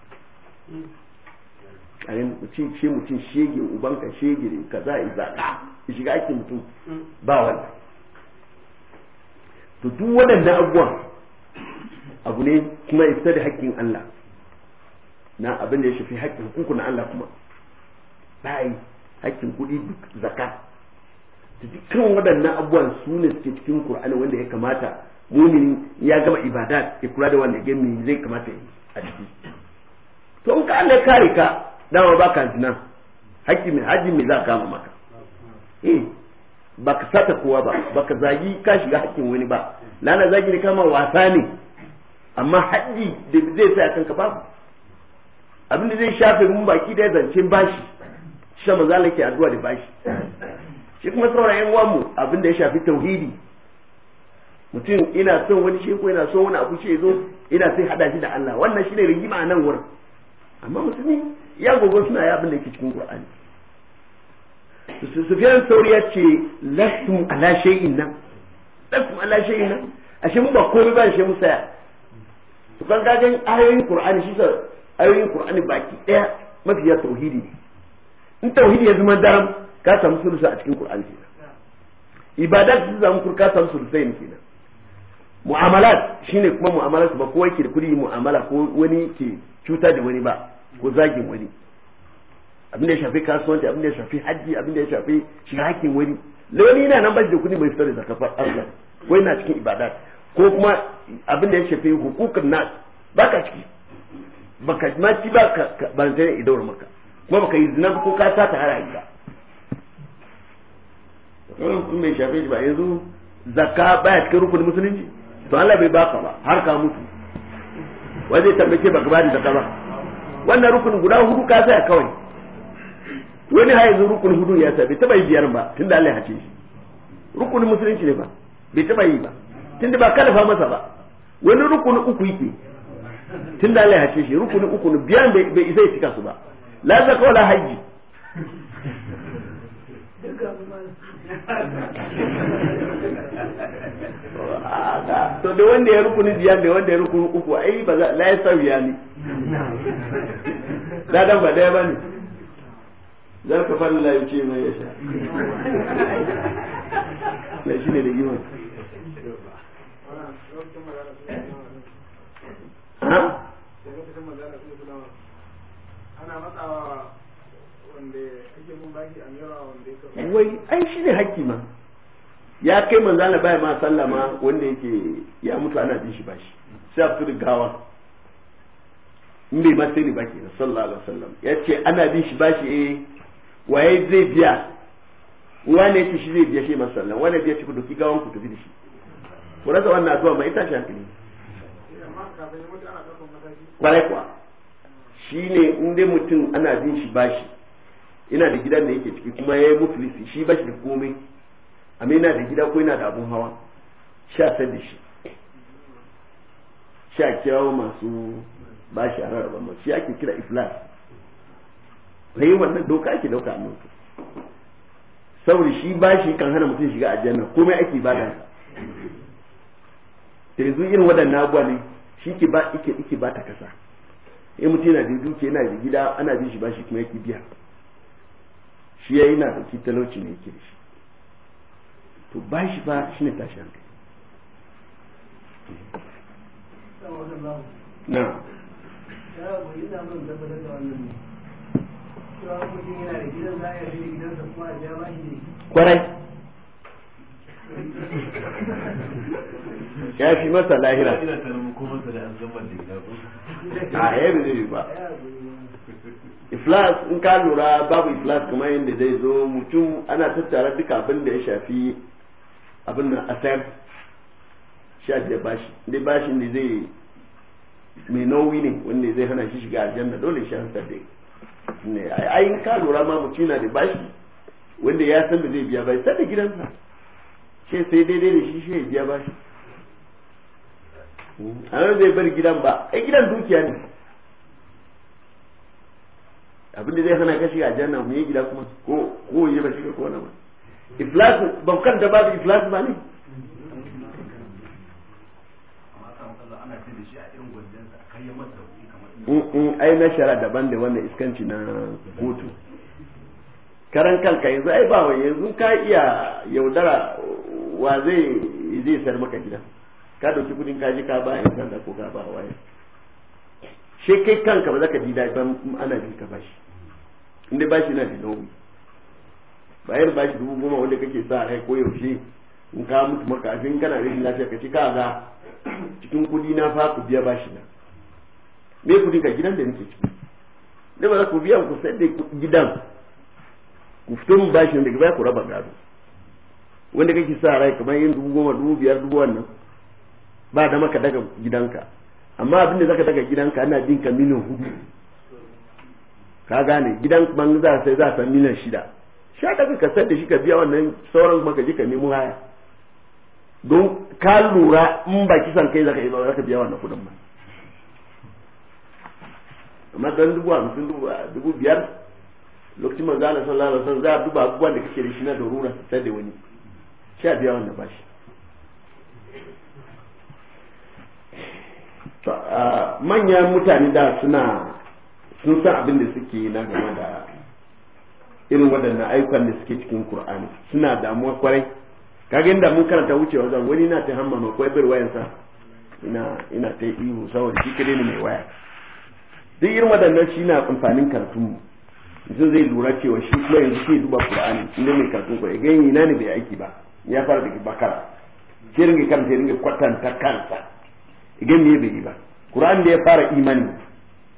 a yin mutum ce mutum shege ubanka shege ne a yi zaɓa ya shiga ake mutum ba wani to duk waɗannan abubuwan abu ne kuma isa da haƙƙin Allah na abin da ya shafi haƙƙin hukunku na Allah kuma ba yi haƙƙin kuɗi duk zaka dukkan waɗannan abubuwan su ne suke cikin Kur'ani wanda ya kamata mumini ya gama ibada ya kula da wanda gemi zai kamata yi a jiki to in ka Allah kare ka dama baka zina haƙƙi mai haji mai za ka kama maka eh, ba ka sata kowa ba ba ka zagi ka shiga haƙƙin wani ba lana zagi ne kama wasa ne amma haji da zai sa kanka babu abinda zai shafe mun baki da zancen bashi shi manzo Allah ke addu'a da bashi shi kuma saurayin uwan mu abinda ya shafi tauhidi mutum ina son wani shi ko ina son wani abu shi zo ina sai hada shi da Allah wannan shine rigima a nan wurin amma musulmi ya gogo suna ya abin da yake cikin Qur'ani Sufyan Sauri ya ce lastum ala shay'in nan lastum ala shay'in nan ashe mu ba komai ba shi mu saya to kan gan ayoyin Qur'ani shi ayoyin Qur'ani baki daya ya tauhidi in tauhidi ya zama daram ka samu sulusa a cikin Qur'ani ibadat su zamu kurka samu sulusai kenan mu'amalat shine kuma mu'amalat ba kowa ke da kudi mu'amala ko wani ke cuta da wani ba ko zagin wani abin da ya shafi kasuwanci abin da ya shafi haji abin da ya shafi shiga hakkin wani lewani yana nan bashi da kudi mai fitar da zakafar Allah ko yana cikin ibadat ko kuma abin da ya shafi hukukun nas baka ciki baka ma ci ba ka banta idawar maka kuma baka yi zina ko ka sata har ayi ba kuma mai shafi ba yanzu zakka baya cikin rukunin musulunci to Allah bai baka ba har ka mutu wai zai baka bani da kaza wannan rukun guda hudu ka sai kawai wani har yanzu rukun hudu ya sa bai taba yi biyar ba tunda Allah ya hace shi rukun musulunci ne ba bai taba yi ba tunda ba kada masa ba wani rukun uku yake tunda Allah ya hace shi rukun uku ne biyan bai isa ya cika su ba la zakka wala haji to da wanda ya rukuni biyar da wanda ya rukuni uku ai ba za la ya sauya ne dan ba daya bane zan ka fara la yace mai yasha la shi ne da ana matsawa wanda wanda mun baki giwon wai ai shi ne hakki ma ya kai manzo Allah bai ma sallama wanda yake ya mutu ana jin shi bashi sai a gawa in bai ma sai baki na sallallahu alaihi wasallam ya ce ana jin shi bashi eh waye zai biya wane yake shi zai biya shi ma sallan wane biya shi ku doki gawan ku tafi da shi ku rasa wannan addu'a mai tashi hankali kwarai kuwa ne in dai mutum ana jin shi bashi ina da gidan da yake ciki kuma ya yi mutu shi bashi da komai amma yana da gida ko yana da abun hawa sha ta da shi sha kirawo masu ba shi a rarraba mu shi ake kira iflas sai wannan doka ake dauka a nan saboda shi ba shi kan hana mutum shiga aljanna komai ake ba da da yanzu irin waɗannan abuwa ne shi ke ba ike ike ba ta kasa in mutum yana da duke yana da gida ana bin shi ba shi kuma yake biya shi ya na da talauci ne yake da shi to ba shi ba shi ne tashi hankali na kwarai ya fi masa lahira a yadda zai ba iflas in ka lura babu iflas kamar yadda zai zo mutum ana tattara duka abin da ya shafi abin nan a sayar sha biyar bashi dai bashi ne zai mai nauyi ne wanda zai hana shi shiga aljanna dole shi hantar da ne ayin ka lura ma mutum na da bashi wanda ya san da zai biya bashi sai gidansa shi sai daidai da shi shi ya biya bashi a nan zai bar gidan ba ai gidan dukiya ne abin da zai hana ka shiga aljanna mu yi gida kuma ko ko yi ba shiga ko wani ba iflas ba kan da babu iflas ba ne mm, mm, ai na shara daban da wannan iskanci na kotu karan kanka yanzu ai ba wai yanzu ka iya yaudara wa zai zai sayar maka gida ka dauki kudin ka ji ka ba yan sanda ko ka ba waye shi kai kanka ba zaka ji dai ban ana jin ka bashi inda bashi na da nauyi bayar bashi dubu goma wanda kake sa rai ko yaushe in ka mutu maka in kana rashin lafiya ka ci kaza cikin kudi na fa ku biya bashi na me kudi ka gidan da nake ciki da ba za ku biya ku sai da gidan ku fito mu bashi da daga baya ku raba gado wanda kake sa rai kamar yin dubu goma dubu biyar dubu wannan ba da maka daga gidanka amma abin da zaka daga gidanka ana bin ka miliyan hudu ka gane gidan ban za sai za san miliyan shida sha daga ka san da shi ka biya wannan sauran kuma ka je ka nemo haya don ka lura in ba kisan kai zaka yi ba zaka biya wannan kudin ba amma dan dubu hamsin dubu biyar lokacin manzo Allah sallallahu alaihi son za a duba abubuwan da kake da shi na darura sai da wani sha biya wannan bashi to manyan mutane da suna sun san abin da suke na game da irin waɗannan ayyukan da suke cikin Qur'ani suna damuwa kwarai kaga inda mun karanta wucewa wajen wani na ta hamma ma kwai bir wayansa ina ina ta ihu saboda shi kire ne mai waya duk irin waɗannan shi na amfanin karatun mu yanzu zai lura cewa shi kuma yanzu ke duba Qur'ani inda mai karatun kwarai gani ina ne bai aiki ba ya fara daga bakara sai ringa karanta ringa kwatanta kansa idan me bai yi ba Qur'ani da ya fara imani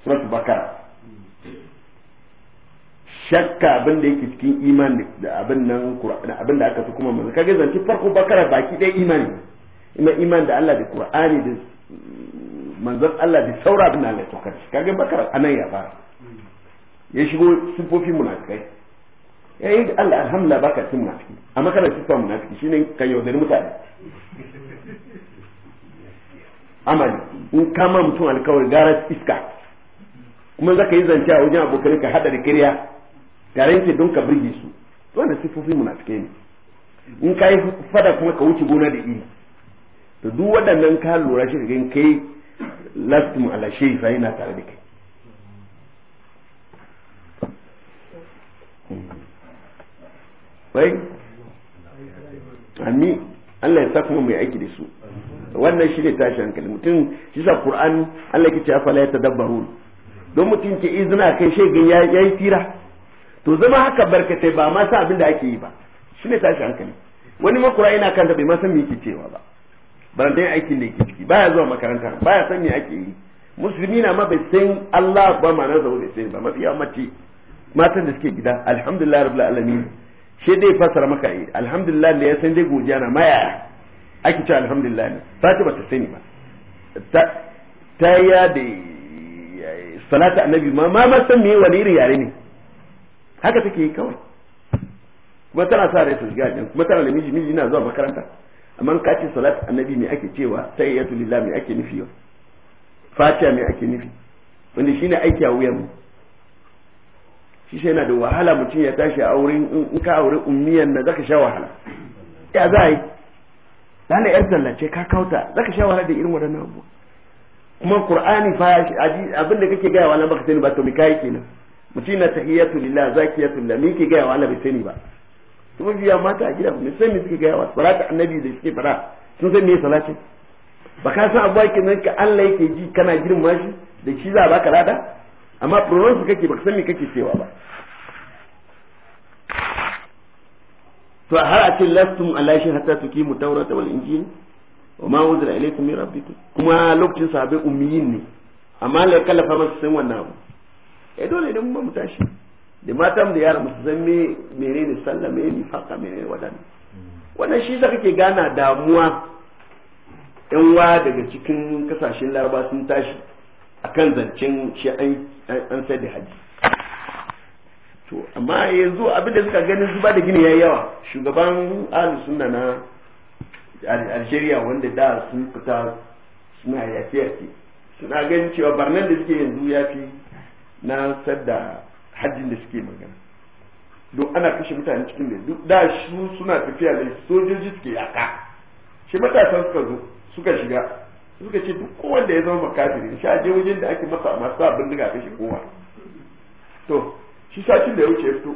suratul bakara shakka abin da yake cikin imani da abin nan Qur'ani abin da aka fi kuma manzo kage zanci farko bakara baki dai imani ina imani da Allah da Qur'ani da manzon Allah da saura abin Allah to kace kage bakara anan ya fara ya shigo sifofin munafikai yayi Allah alhamdulillah baka cikin munafiki amma kana cikin munafiki shine kan yaudari mutane amali in kama mutum alkawari gara iska kuma zaka yi zance a wajen abokan ka hada da kirya yake don ka burge su wannan sifofin munafike ne in ka yi fada kuma ka wuce gona da iri to duk waɗannan ka lura shi kaga kai lastum ala shayfa yana tare da kai bai ami Allah ya sa kuma mai aiki da su wannan shi ne tashi hankali mutum shi sa Qur'ani Allah ya ce afala ya tadabbarun don mutum ke izina kai shegin ya yi tira to zama haka barkatai ba ma sa abin da ake yi ba ne tashi hankali wani makura ina kanta bai ma san me yake cewa ba barantai aikin da yake ciki baya zuwa makaranta baya san me ake yi musulmi na ma bai san Allah ba ma na zaune bai san ba mafi mace matan da suke gida alhamdulillah rabbil alamin shi dai fasara maka yi eh, alhamdulillah ne ya san dai gojiya na maya ake cewa alhamdulillah ne ba ta sani ba ta ya da eh, salata annabi ma ma san me wani irin yare ne haka take yi kawai kuma tana sa rai su shiga kuma tana da miji miji na zuwa makaranta amma ka ce salat annabi me ake cewa sai ya tuli me ake nufi fatiha me ake nufi wanda shine aiki a wuyan mu shi sai yana da wahala mutum ya tashi a wurin in ka aure ummiyan na zaka sha wahala ya za yi lana yar zallace ka kauta zaka sha wahala da irin waɗannan abubuwa kuma qur'ani fa abin da kake gaya wa nan baka sani ba to me kai kenan mutum na za lillah zakiyatu lillah me yake gaya wa Allah bai sani ba kuma biya mata a gida ne sai me suke gaya wa salatu annabi da suke fara sun san me salati ba ka san abuwa kenan ka Allah yake ji kana girma shi da shi za a baka lada amma su kake baka san me kake cewa ba to har a ce lastum ala shi hatta tuqimu tawrata wal injil wa ma unzila ilaykum min rabbikum kuma lokacin sahabbai ummiyin ne amma la kallafa masu sun wannan abu eh dole ne mu tashi da matan da yara musu zan me menene sallah me ne faka ne wadannan wannan shi da kake gana damuwa yan wa daga cikin kasashen laraba sun tashi akan zancen shi an sai da haji to amma yanzu abin da suka ganin zuba da gini yayi yawa shugaban ahlus sunna na Algeria wanda da sun fita suna yafe yafe suna ganin cewa barnan da suke yanzu yafi na sadda hajjin da suke magana don ana kashe mutane cikin da duk da shi suna tafiya da sojoji suke yaka shi matasan suka zo suka shiga suka ce duk kowanda ya zama makafiri shi a je wajen da ake masa masu abin da kashe kowa to shi satin da ya wuce ya fito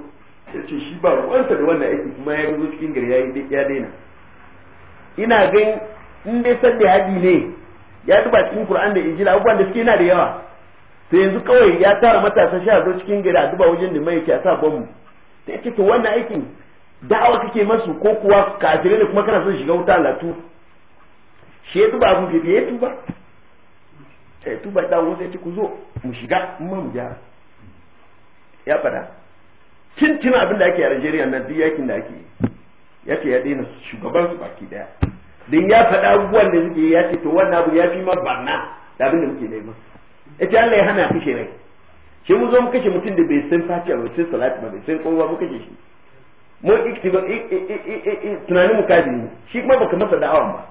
ya ce shi ba ruwansa da wannan aiki kuma ya zo cikin gari ya yi ya daina ina ganin in dai sanda hadi ne ya duba cikin Qur'an da injila abubuwan da suke yana da yawa sai yanzu kawai ya tara matasa sha zo cikin gida a duba wajen da mai yake a sa bamu ta yake to wannan aikin da'awa kake masu ko kuwa kafirai ne kuma kana son shiga wuta latu shi ya duba abin da ya tuba yi tuba da wani sai ku zo mu shiga mu mu gyara ya fada tintin abin da ake a Najeriya na duk yakin da ake ya ce ya daina shugaban su baki daya don ya faɗa abubuwan da suke ya ce to wannan abu ya fi ma barna da abin da muke nema yace Allah ya hana kashe rai shi mu zo mu kashe mutum da bai san fatiha bai san salati ba bai san kowa mu kashe shi mu iktiba tunanin mu kaji ne shi kuma baka masa da'awa ba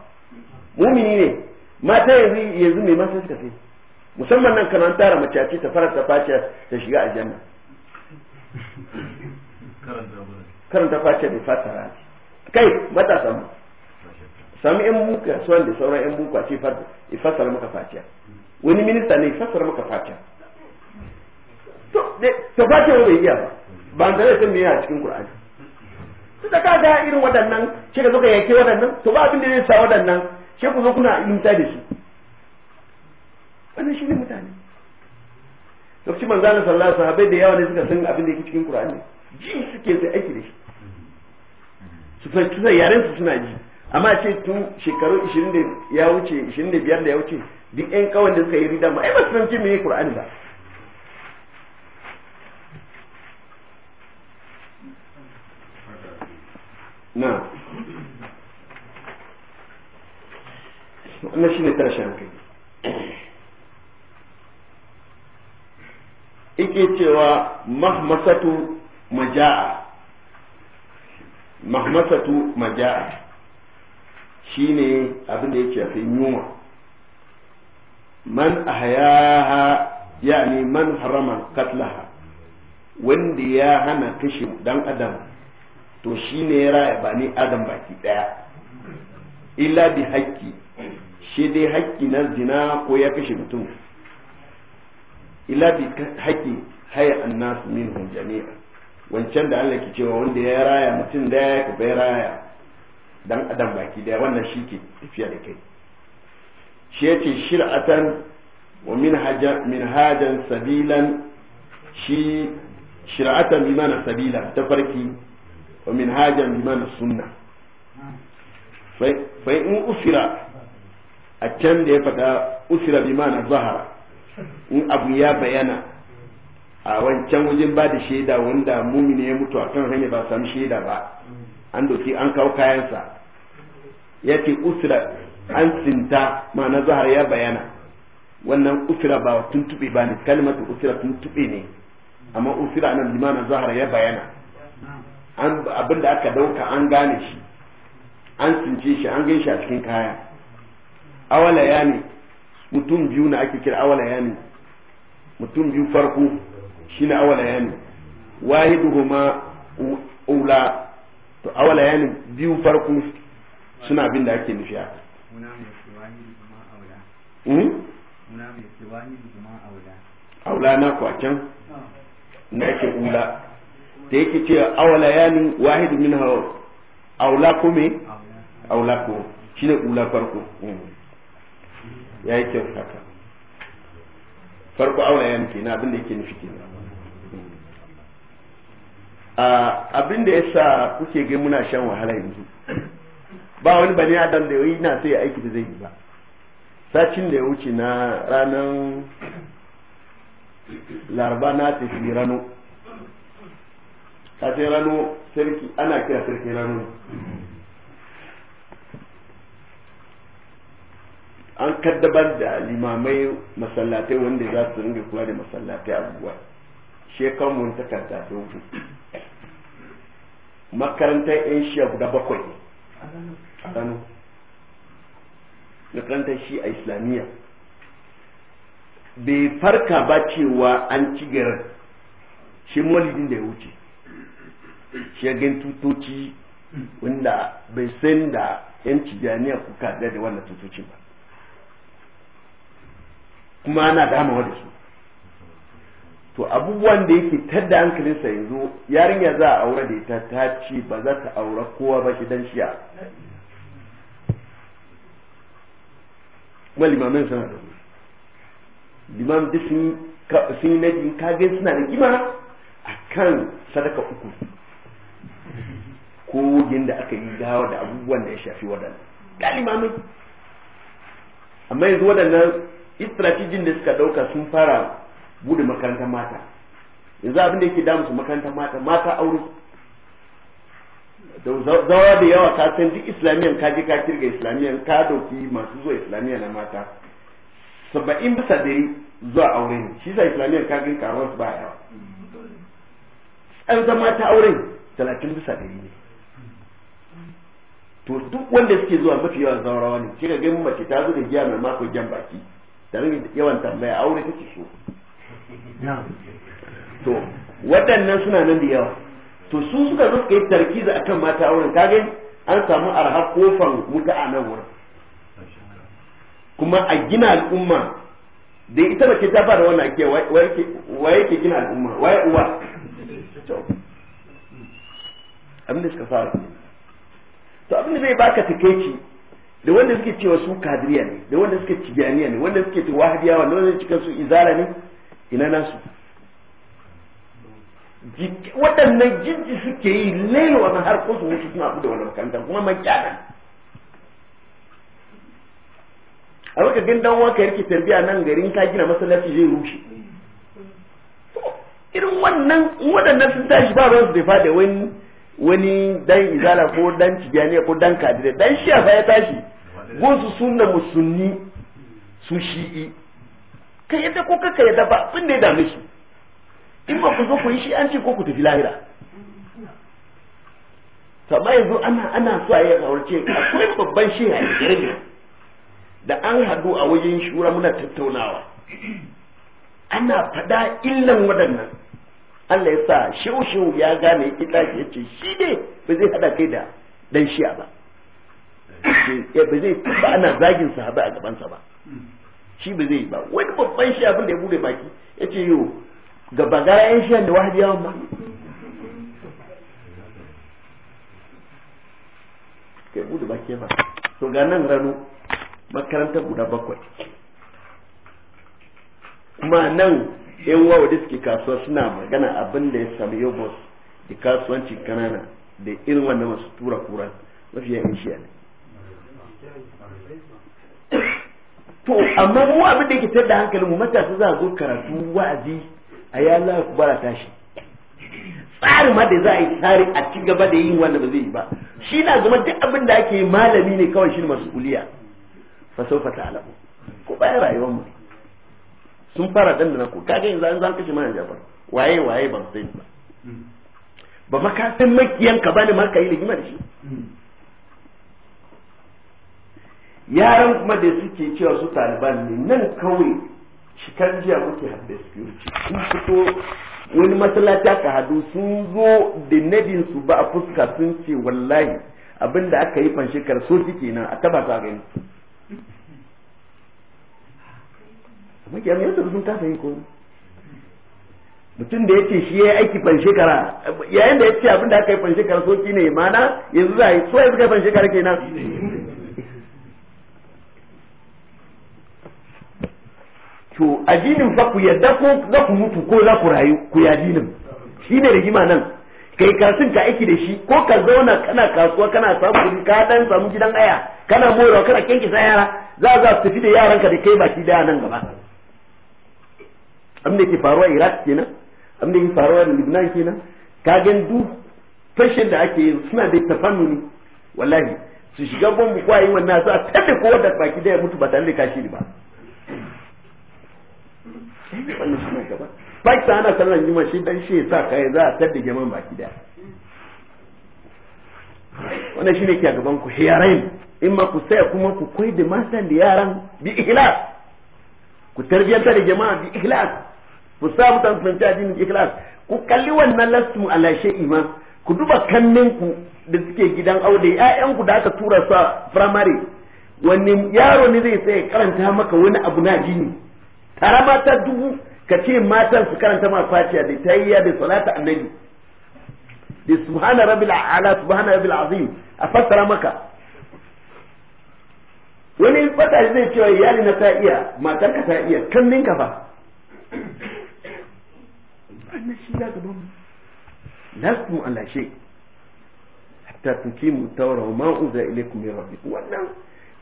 mumini ne mata yanzu yanzu mai masa suka sai musamman nan kana tara mace ta fara ta fatiha ta shiga aljanna karanta fatiha da fatara kai mata samu sami yan buka suwan da sauran yan buka ce fasara maka fatiha wani minista ne fassara maka fatiha to ta fatiha bai iya ba ba tare da san me a cikin qur'ani su da kaga irin waɗannan shi ka zo ka yake waɗannan to ba abin da zai sa waɗannan shi ku zo kuna ilimta da shi wannan shi ne mutane lokacin manzana sallallahu alaihi wasallam da yawa ne suka san abin da yake cikin qur'ani ji suke sai aiki da shi su su yaren su suna ji amma ce tun shekaru 20 da ya wuce 25 da ya wuce duk yan kawai da suka yi rida ma ai ba su san jimi qur'ani ba na wannan shine tashin hankali ike cewa mahmasatu maja'a mahmasatu maja'a shine abin da yake a yunwa man ahyaha yani man harama katlaha wanda ya hana kashe dan adam to shine ya raya ba ni adam baki daya illa bi haƙƙi shi dai haƙƙi na zina ko ya kashe mutum illa bi haƙƙi haya annas minhum jami'a wancan da Allah ke cewa wanda ya raya mutum daya ka bai raya dan adam baki daya wannan shi ke tafiya da kai shi yace shir'atan wa minhajan sabilan shi shir'atan bimana sabila ta farki wa minhajan bimana sunna fa in usira a can da ya faɗa usira bimana zahara in abu ya bayana a wancan wajen ba da shaida wanda mumini ya mutu a kan hanya ba samu shaida ba an doki an kawo kayansa ya ce usira an tsinta ma'ana zahar ya bayana wannan usira ba tuntube ba ne kalmatu usira tuntube ne amma usira nan limana zahar ya bayana abin da aka dauka an gane shi an tsince shi an gan shi a cikin kaya awala ya ne mutum biyu na ake kira awala ya ne mutum biyu farko shi na awala ya ne wahiduhuma ula to awala ya ne biyu farko suna abin da ake nufi a aula na ku a can na yake ula da yake ce awala yani wahidu min hawa aula ko me aula ko shine ula farko hmm. ya yi kyau haka farko aula yani ke na da yake nufi kenan hmm. ah, abin da ya sa kuke ga muna shan wahala yanzu ba wani bani adam da yi na sai aiki da zai yi ba sacin da ya wuce na ranar laraba na tafi rano rano sarki ana kira sarki rano an kaddabar da limamai masallatai wanda za su ringa kula da masallatai abubuwa shekar mun takarda sun makarantar yan shiya guda bakwai Kano makarantar shi a islamiyya bai farka ba cewa an ci garar shi malidin da ya wuce shi ya tutoci wanda bai san da yan cijaniya kuka da wannan tutoci ba kuma ana damawa da su to abubuwan da yake tadda hankalinsa yanzu yarinya za a aure da ita ta ce ba za ta aure kowa ba shi dan shiya kuma limamin suna da limam duk sun yi naji kagen suna da kima a kan sadaka uku ko da aka yi gawa da abubuwan da ya shafi waɗannan ga limamai amma yanzu waɗannan istratijin da suka ɗauka sun fara bude makarantar mata yanzu abin da yake damu su makarantar mata mata aure zawa da yawa ka san duk islamiyan ka je ka kirga islamiyan ka dauki masu zuwa islamiyan na mata saba'in bisa yi zuwa aure ne shi za islamiyan ka gani karuwar su ba yawa an zama ta aure talatin bisa dari ne to duk wanda suke zuwa mafi yawan zaurawa ne kika ga mace ta zo da giya mai mako jan baki da yawan tambaya aure take so to waɗannan suna nan da yawa to su suka zo kai tarkiza akan mata auren kage an samu arha kofan wuta a nan wurin kuma a gina al'umma da ita mace ta fara wannan ake wa yake gina al'umma waye uwa abinda suka fara to abinda zai baka takeici da wanda suke cewa su kadiriya ne da wanda suke tijaniya ne wanda suke ta wahabiyawa da wanda cikin su izara ne ina nasu waɗannan jinji suke yi lailu wannan har ko su wuce suna buɗe wani makaranta kuma makiyana a baka gan dan wanka yake tarbiya nan garin ka gina masallaci zai rushe irin wannan waɗannan sun tashi ba ruwan su da fada wani wani dan izala ko dan tijaniya ko dan kadire dan shi ya tashi gosu suna musulmi su shi'i kai yadda ko kaka yadda ba abin da ya dame su in ba ku zo ku yi shi an ce ko ku tafi lahira to ba yanzu ana ana so a yi haurace akwai babban shi a jirgin da an hadu a wajen shura muna tattaunawa ana fada illan waɗannan Allah ya sa shehu ya gane ita ya ce shi ne ba zai hada kai da dan a ba eh, ba zai ba ana zagin sahaba a gabansa ba shi ba zai ba wani babban shi abin da ya bude baki ya ce yau gaba gara yan shiyan da yawon ma ke budu ba ke ba So, ga nan rano makaranta guda bakwai kuma nan yan wawa da suke kasuwa suna magana abin da ya sami yobos da kasuwanci kanana da irin wannan masu tura kura mafi yan shiya ne to amma mu abin da ke tada hankalin mu matasa za a zo karatu wa'azi a Allah ku bara tashi tsari ma da za a yi tsari a ci gaba da yin wanda ba zai yi ba shi na zama duk abin da ake malami ne kawai shi ne masu kuliya fa sau fata alamu ko bayan rayuwar mu sun fara dandana ko kaga yanzu an zan kashe mana jabar waye waye ba sani ba ba san makiyan ka bani ma yi rigima da shi yaran kuma da suke cewa su taliban ne nan kawai shikan jiya muke hadda security sun fito wani masallaci aka hadu sun zo da nadin su ba a fuska sun ce wallahi abinda aka yi fan shekar so suke nan a taba ta gani muke amma yadda sun kasa yi mutum da ya ce shi ya yi aiki fan shekara yayin da ya ce abinda aka yi fan shekara ki ne mana yanzu za a yi so yanzu kai fan shekara kenan to addinin fa ku yadda ko za ku mutu ko za ku rayu ku yi addinin shi ne rigima nan kai kasin ka aiki da shi ko ka zauna kana kasuwa kana samu kuɗi ka dan samu gidan aya kana morewa kana kenki sa yara za za su tafi da yaranka da kai baki da nan gaba abin ke faruwa iraq kenan abin ke faruwa libnan kenan ka gan duk fashin da ake yin suna da tafannuni wallahi su shiga bombu kwayin wannan su a da kowa da baki da ya mutu ba tare da kashi ba wannan suna gaba ba ki ana sallar juma shi dan shi sa kai za a tadda jaman baki daya wannan shine ke a gaban ku hiyarain in ma ku saya kuma ku koyi da matan da yaran bi ikhlas ku tarbiyyanta da jama'a bi ikhlas ku sa mutan fahimci bi ikhlas ku kalli wannan lastu ala shay'i ma ku duba kannin ku da suke gidan aure ƴaƴan ku da aka tura su a primary wani yaro ne zai sai karanta maka wani abu na jini karama ta dubu ka ce matan su karanta ma fatiha da tayyiya da salata annabi da subhana rabbil ala subhana rabbil azim a fassara maka wani fata zai cewa iyali na ta iya matar ka ta iya kan ninka fa annan shi ya gaban nasu lastu ala shay hatta tukimu tawra ma unza ilaykum min rabbikum wannan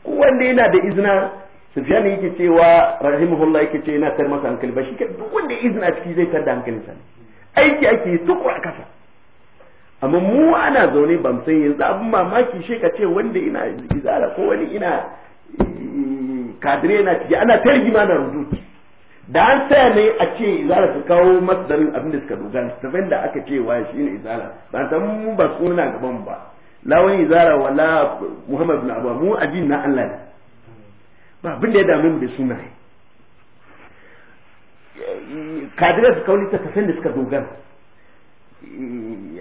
ko yana da izina sufyan yake cewa rahimahullah yake ce yana tar masa hankali ba shi ka duk wanda izina ciki zai tar da hankalinsa aiki ake tukura kasa amma mu ana zaune ba san yanzu abin mamaki shi ka ce wanda ina izara ko wani ina kadire yana ciki ana gima na rubutu da an saya ne a ce izara su kawo masdarin abin da suka dogara tafin da aka ce wa shi ne izara ba san mu ba na gaban ba lawan izara wala muhammad bin abu mu ajin na Allah ne ba abin da ya dame mu suna kadira su kauli ta kasan da suka dogara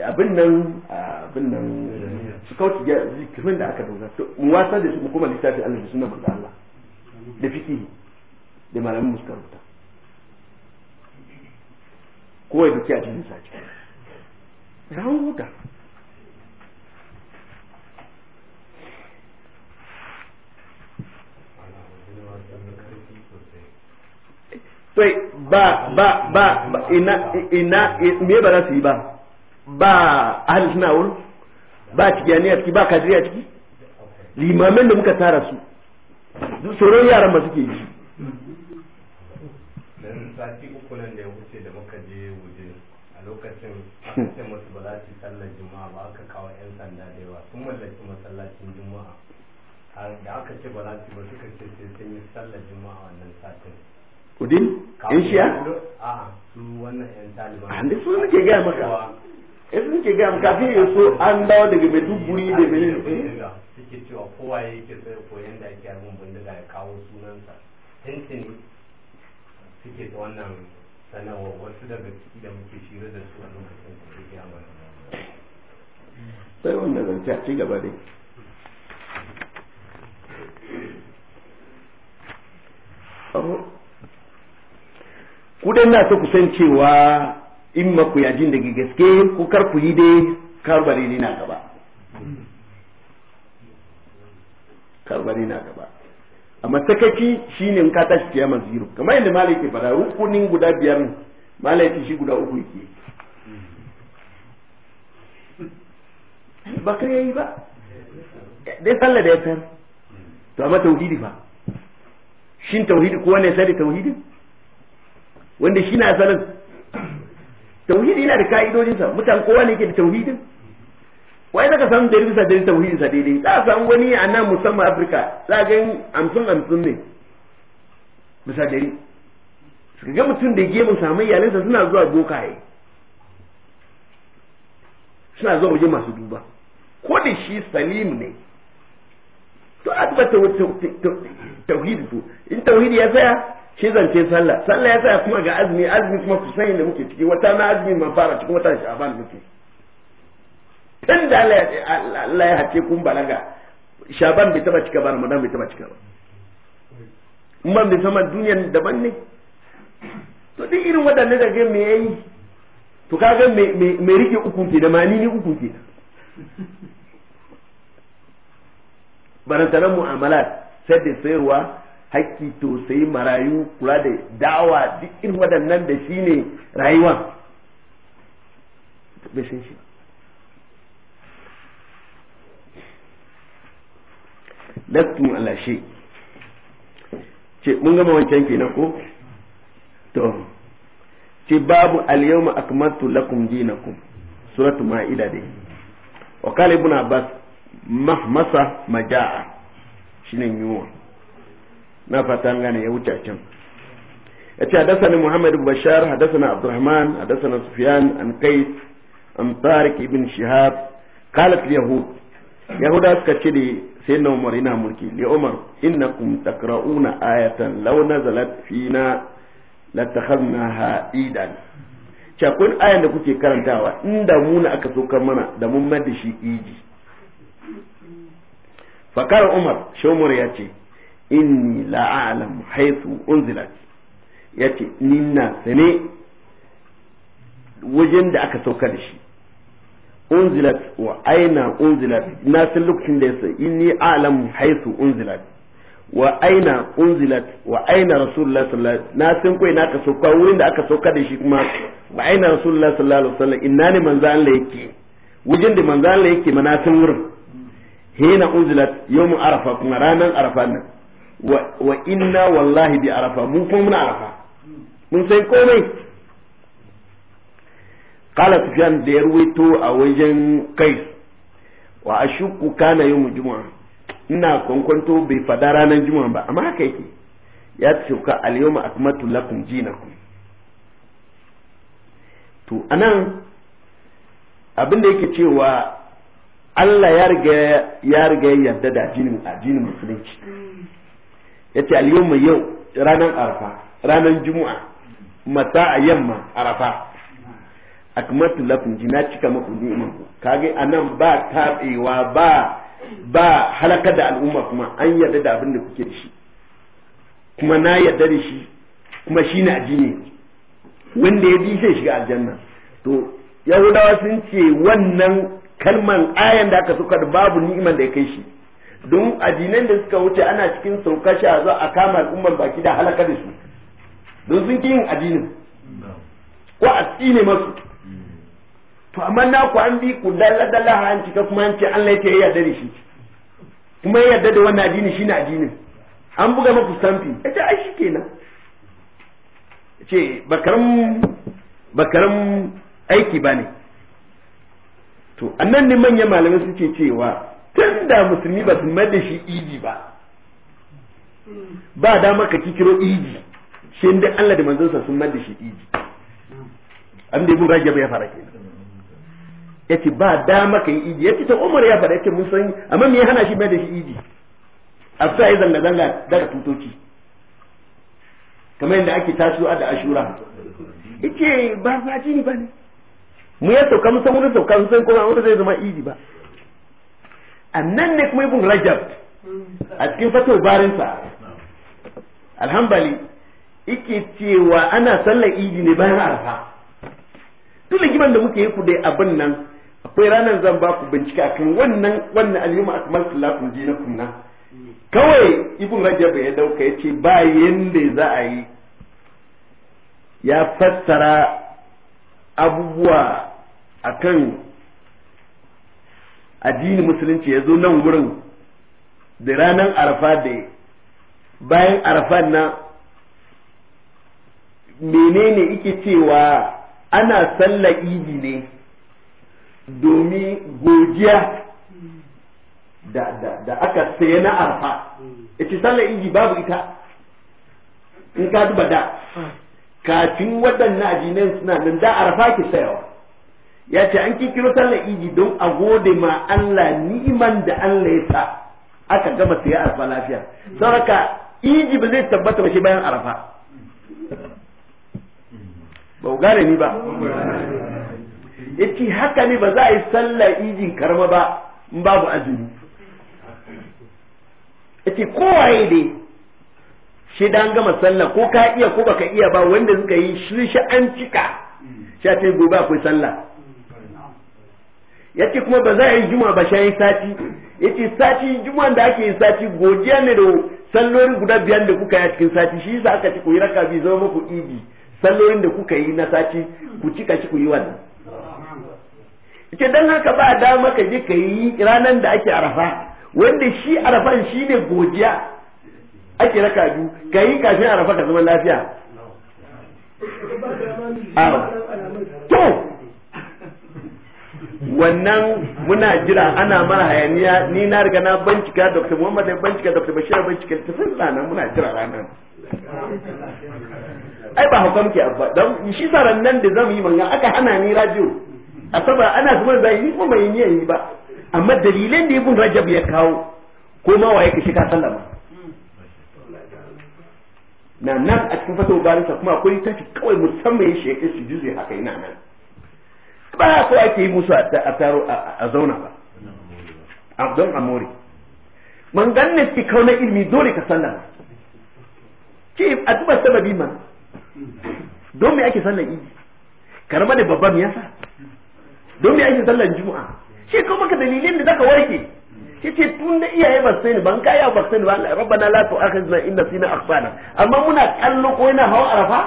abin nan abin nan su kauci zikirin da aka dogara mu wasa da su mu kuma littafin Allah da suna manzo Allah da fiki da malamin muskar rubuta kowai da ke a cikin sace rawun huta sai ba ba ba ina ina me ba za su yi ba ba ahli suna wurin ba tijaniya ciki ba a ciki limamin da muka tara su duk sauran yaran ba suke yi sati uku nan da ya wuce da muka je waje a lokacin aka musu ba za su sallar juma'a ba aka kawo yan sanda da yawa sun mallaki masallacin juma'a da aka ce ba za su ba suka ce sai sun yi sallar juma'a wannan satin kudin yan shiya a da su ah, gaya maka in nake so an dawo daga maiduguri da kowa ya sai koyon da ake ya kawo sunansa suke ta wannan wasu da muke ci gaba dai Oh. ku dan na so ku san cewa in ma ku yajin da gaske ku kar ku yi dai karbari ne na gaba karbari na gaba amma sakaci shine in ka tashi kiyama zero kamar yadda malai ke fara rukunin guda biyar malai shi guda uku yake ba kai yi ba dai sallah da ya san to amma tauhidi ba shin tauhidi ko ne sai tauhidin wanda shi na sanin tauhidi yana da ka'idojinsa mutan kowa ne ke da tauhidin wai zaka San dari bisa dari tauhidin sa daidai za a samu wani a nan musamman afirka za a gani amsun amsun ne bisa dari suka ga mutum da gemun samun iyalinsa suna zuwa bokaye suna zuwa waje masu duba ko da shi salim ne to a duba tauhidi to in tauhidi ya tsaya shi zance sallah sallah ya sa kuma ga azumi azumi kuma su sanya da muke ciki wata na azumi man fara cikin watan sha'ban muke tun da Allah ya hace kun balaga sha'ban bai taba cika ba ramadan bai taba cika ba man bai sama duniyan daban ne to duk irin waɗannan da ga me yayi to kaga me me rike uku ke da mani ne uku ke barantaran mu'amalat sai da sayarwa hakki to sai marayu kula da dawa duk irin waɗannan da shi ne rayuwa lattun shi alashe ce mun gama wancan kenan ko to ce babu al-yawma akmaltu lakum dinakum suratu ma'ida dai wa qala ibn abbas mahmasa majaa shine yunwa na fatan gane ya wuce can yace hadathana muhammad ibn bashar hadathana abdurrahman hadathana sufyan an qais an tariq ibn shihab qalat yahud yahuda suka ce da sai na umar ina mulki li umar innakum takra'una ayatan law nazalat fina latakhadnaha idan ce kun ayan da kuke karantawa inda mu na aka so mana da mun mada shi iji fakar umar shi umar ya ce inni la'alam haithu unzilat yace ninna na sane wajen da aka sauka da shi unzilat wa aina unzilat na san lokacin da yasa inni alam haithu unzilat wa aina unzilat wa aina rasulullah sallallahu alaihi na san kai na ka sauka wurin da aka sauka da shi kuma wa aina rasulullah sallallahu alaihi wasallam inna ne manzo Allah yake wajen da manzo Allah yake mana san wurin hina unzilat yawm arafa kuma ranan arafa nan wa inna wallahi bi arafa mun kuma muna arafa mun san komai qala sufyan da ya ruwaito a wajen kai wa ashukku kana yawm juma'a ina kwankwanto bai fada ranar juma'a ba amma haka yake ya tsuka al yawma akmatu lakum ku. to anan abin da yake cewa Allah ya riga ya riga yarda da addinin addinin musulunci yace ce yawma yau ranar arafa ranar juma'a mata a yamma arafa akmatu lakum na cika maku ni'man ku kage anan ba tabewa ba ba halakar da al'umma kuma an yarda da abin da kuke da shi kuma na yarda da shi kuma shi na addini wanda ya bi sai shiga aljanna to yahudawa sun ce wannan kalman ayan da aka suka babu ni'imar da ya kai shi don addinan da suka wuce ana cikin sauka shi a zo a kama al'ummar baki da halaka da su don sun ki yin addinin ko a tsine masu to amma na ku an bi ku dalla dalla an cika kuma an ce Allah yake yarda da shi kuma ya yarda da wannan addini shine addinin an buga maku stampi yace ai shikenan ce bakaram bakaram aiki bane to annan ne manyan malamai suke cewa tun da musulmi ba su mada shi iji ba ba dama ka kikiro iji. shi inda Allah da manzansa sun mada shi iji an da ibn rajab ya fara kenan ce ba dama ka yi ya ce ta Umar ya fara ya ce musulmi amma me ya hana shi mada shi iji a afsa ya zanga zanga daga tutoci kamar yadda ake a da ashura yace ba faji ne ba ne mu ya sauka mun san sauka mun san kuma wurin zai zama iji ba annan ne kuma ibn rajab a cikin fatul barinsa alhambali ike cewa ana sallar idi ne bayan arfa duk ligiman da muke yi ku dai abin nan akwai ranar zan ba ku bincike akan wannan wannan al-yawma akmaltu dinakum na kawai ibn rajab ya dauka yace ba yanda za a yi ya fassara abubuwa akan addini musulunci ya zo nan wurin da ranar arafa da bayan arafa na menene ike cewa ana salla idi ne domin godiya da aka saya na arfa ita sallar idi babu ita in ka duba da ah. kafin waɗannan addinai suna nan da arfa ke sayawa ya ce an kikiro sallar idi don a gode ma Allah ni'iman da Allah ya sa aka gama sai arfa lafiya saboda idi ba zai tabbata ba shi bayan arafa ba ku gane ni ba yace haka ne ba za a yi sallar ijin karama ba in babu azumi yace kowaye dai shi dan gama sallah ko ka iya ko baka iya ba wanda suka yi shi shi an cika shi gobe akwai sallah ce kuma ba za a yi juma ba shayi sati ce sati juma da ake yi sati godiya ne da sallolin guda biyar da kuka yi a cikin sati shi yasa aka ci ku yi raka bi zama ku idi sallolin da kuka yi na sati ku cika ci ku yi wannan yace dan haka ba dama ka je ka yi ranar da ake arafa wanda shi arafan shi ne godiya ake raka biyu ka yi kafin arafa ka zama lafiya to wannan muna jira ana mara hayaniya ni na riga na bincika dr muhammad ya bincika dr bashir ya bincika ta san ranar muna jira ranar ai ba hauka ke abba don shi saran nan da zamu yi manga aka hana ni radio saba ana zuwa zai ni kuma bai yi ba amma dalilan da ibn rajab ya kawo ko ma waye ka shiga sallama na nan a cikin fatawa barisa kuma akwai tafi kawai musamman ya shekar su juzi haka ina nan ba ko ake yi musu a taro a zauna ba a don amore man ganne ki kauna ilimi dole ka sallama ki a duba sababi man don me ake sallan idi karama da babban yasa don me ake sallan juma'a shi ko maka dalilin da zaka warke ce tun da iyaye ba sai ni ban kaya ba sai ni ba rabbana la tu'akhidna in nasina akhfana amma muna kallo ko ina hawa arafa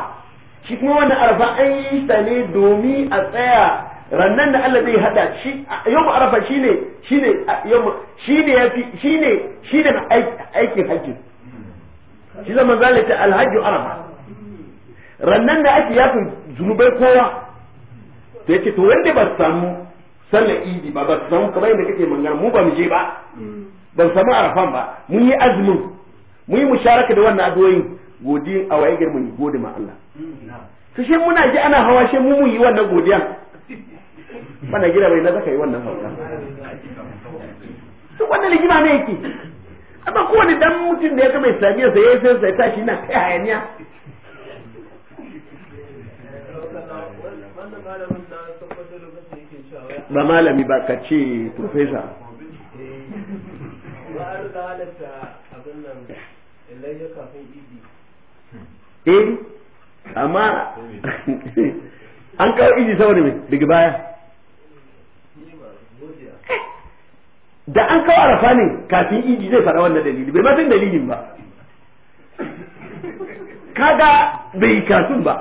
shi kuma wannan arafa an yi ta ne domin a tsaya rannan da Allah zai hada shi yau arafa shine shine yau shine yafi shine shine aikin haji shi zaman zalata alhaji arafa rannan da ake yafi zunubai kowa to yake to wanda ba su samu sallar idi ba ba su samu kamar yadda kake mangana mu ba mu je ba ba samu arafan ba mun yi azumin mun yi musharaka da wannan adoyin godi a waye girman gode ma Allah mm, to shi muna ji ana hawa shi mu mu yi wannan godiya wannan gida bai na zaka yi wannan hauka su wannan ligima ne yake amma kowane dan mutum da ya kama islamiyya sai ya yi sai sai tashi na kai hayaniya ba malami ba ka ce profesa eh amma an kawo iji saboda mai daga baya da an kawo arafa ne kafin iji zai faɗa wannan dalili bai ma dalilin ba kaga bai kafin ba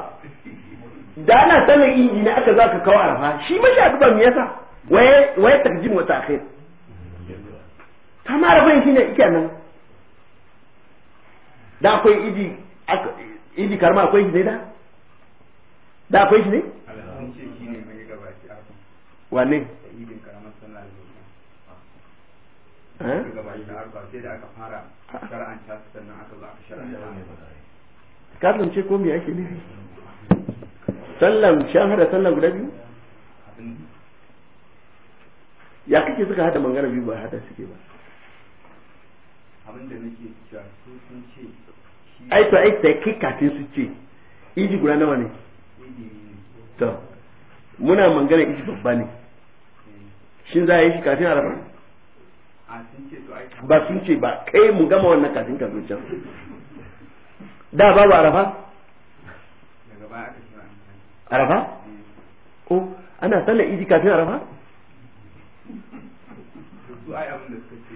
da ana sanin iji ne aka za ka kawo arafa shi mashi sha me miyasa. waye waye takjim wa mara kama shi ne ike nan da akwai iji iji karma akwai shi ne da da akwai shi ne wanne Eh? ka zance ko me ake nufi sallan shan hada sallan guda biyu ya kake suka hada mangana biyu ba hada suke ba su ce ai to ai kafin su ce iji guda nawa ne to muna mangana iji babba ne eh. shin za a yi shi kafin arafa ba sun ce ba kai mu gama wannan kafin ka zuciya da ba ba arafa arafa eh. ko oh, ana sallar iji kafin arafa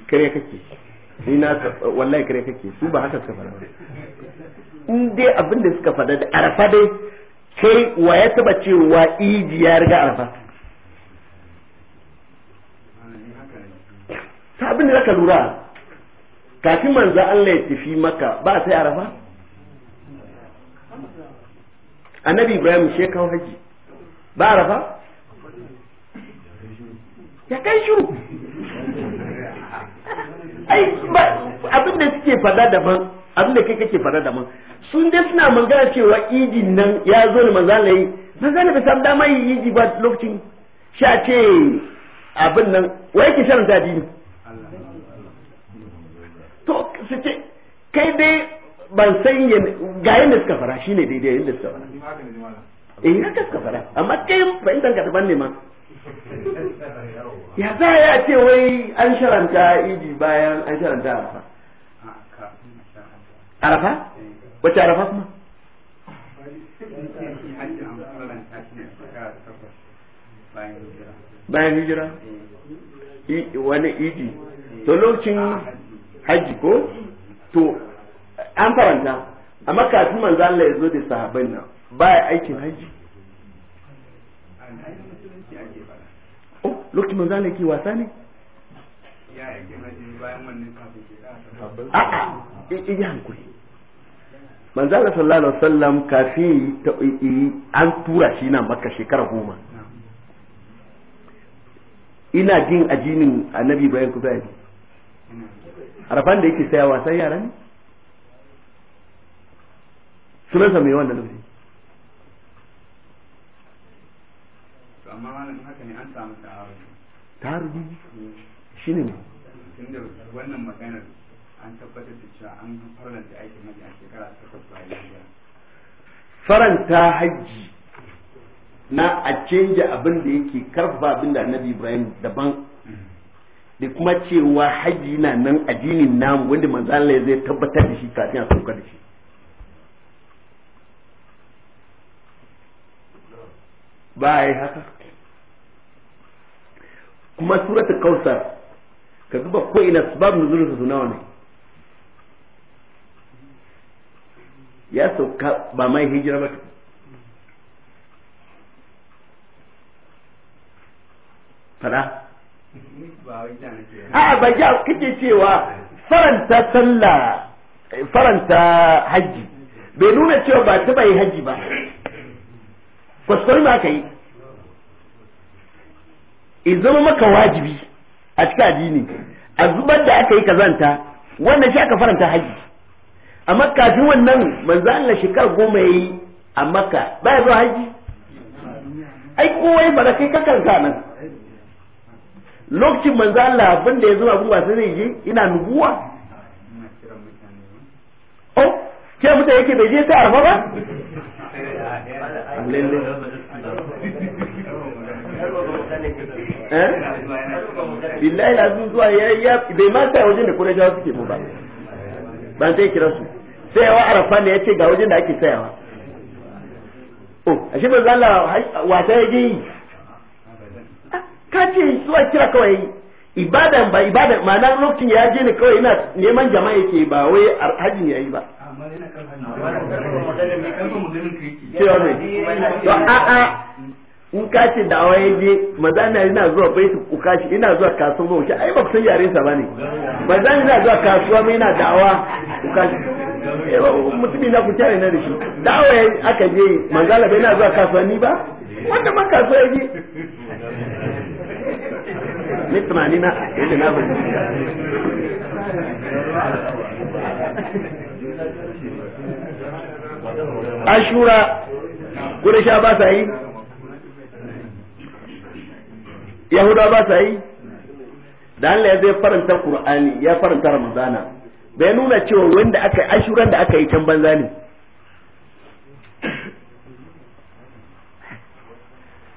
kare kake ni na wallahi kare kake su ba haka suka fara in dai abin da suka fada da arafa dai kai wa ya taba cewa iji ya riga arafa abin da zaka lura kafin manzo Allah ya tafi maka ba sai arafa annabi ibrahim shi shekau haji ba arafa ya kai shiru ai abin da suke fada daban abin da kai kake fada daban sun dai suna magana cewa idi nan ya zo ne manzo Allah yi manzo Allah bai samu dama yi idi ba lokacin sha ce abin nan wai ke shan dadi to su ce kai dai ban san yin ga da suka fara shi ne daidai da suka fara eh haka suka fara amma kai fahimtar ka daban ne ma ya za ya ce wai an sharanta iji bayan an sharanta arafa arafa wacce arafa kuma bayan hijira wani iji to lokacin haji ko to an faranta amma kafin manzo Allah ya zo da sahabban nan baya aikin haji oh lokacin manzo Allah yake wasa ne ya yake haji bayan wannan kafin ke da a'a eh hankuri manzo Allah sallallahu alaihi wasallam kafin an tura shi na makka shekara goma ina jin ajinin annabi bayan ku bayani Arafan da yake saya wasan yara ne sunansa mai wannan nufi amma haka ne an samu ta'arudi hmm. wannan maganar an tabbatar da cewa an a shekara takwas faranta hajji na a canja abin da yake karfa abin da annabi ibrahim daban da kuma cewa haji na nan addinin namu wanda manzo Allah zai tabbatar da shi kafin a sauka da shi ba yi haka kuma suratul kausar ka zuba ko ina sabab nuzul su nawa ne ya sauka ba mai hijira ba fara a'a ba ja kake cewa faranta sallah faranta haji bai nuna cewa ba ta bai haji ba kuskure ma ka yi zama maka wajibi a cikin addini a zubar da aka yi kazanta wannan shi aka faranta hajji, amma kafin wannan manzo Allah shekar goma yi a maka. ba ya zo haji ai kowa ya kai kakan nan lokacin manzo Allah abin da ya zama abin ba zai yi ina nubuwa oh ke fita yake bai je ta arfa ba lalle eh billahi lazim zuwa ya ya bai ma sai wajen da kure jawa suke mu ba ban sai kira su sayawa arfa ne yace ga wajen da ake sayawa oh ashe manzo Allah wata yake yi ka ce zuwa kira kawai ibada ibadan ba ibadan ma'ana lokacin ya je ne kawai ina neman jama'a yake ba wai hajjin ya yi ba cewa ne to a'a in ka ce da awa je mazana ina zuwa bai su kuka ina zuwa kasuwa wuce ai ba san yare sa bane mazana ina zuwa kasuwa mai ina dawa kuka shi mutum ina ku tare na da shi aka je manzala bai ina zuwa kasuwa ni ba wanda ma kasuwa yaji ni tunani na yadda na bari ashura kuda sha ba sa yi yahuda ba sa yi da Allah ya zai faranta Qur'ani ya faranta Ramadana bai nuna cewa wanda aka ashuran da aka yi can banza ne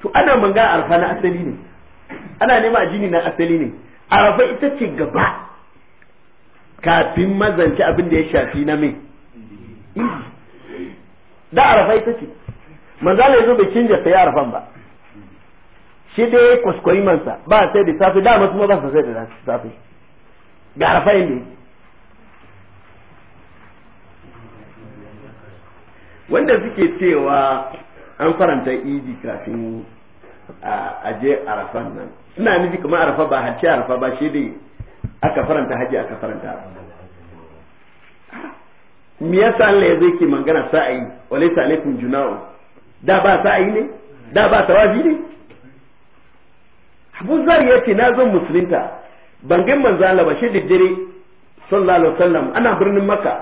to ana manga arfa na asali ne ana nema jini na asali ne arafa ita ce gaba kafin mazanci abin da ya shafi na mai da arafa ita ce manzala ya zo bai canja yi arafan ba shi dai kwaskwari mansa ba sai da safe dama kuma ba su sai da safe ga arafa ne wanda suke cewa an faranta iji kafin a je arafan nan ina nufi kuma arafa ba hajji arafa ba shi dai aka faranta hajji aka faranta me yasa Allah ya zai ke magana sa'ayi laysa alaikum junao da ba sa'ayi ne da ba tawafi ne Abu Zar ya na zo musulunta ban ga manzo Allah ba shi da dare sallallahu alaihi wasallam ana birnin Makka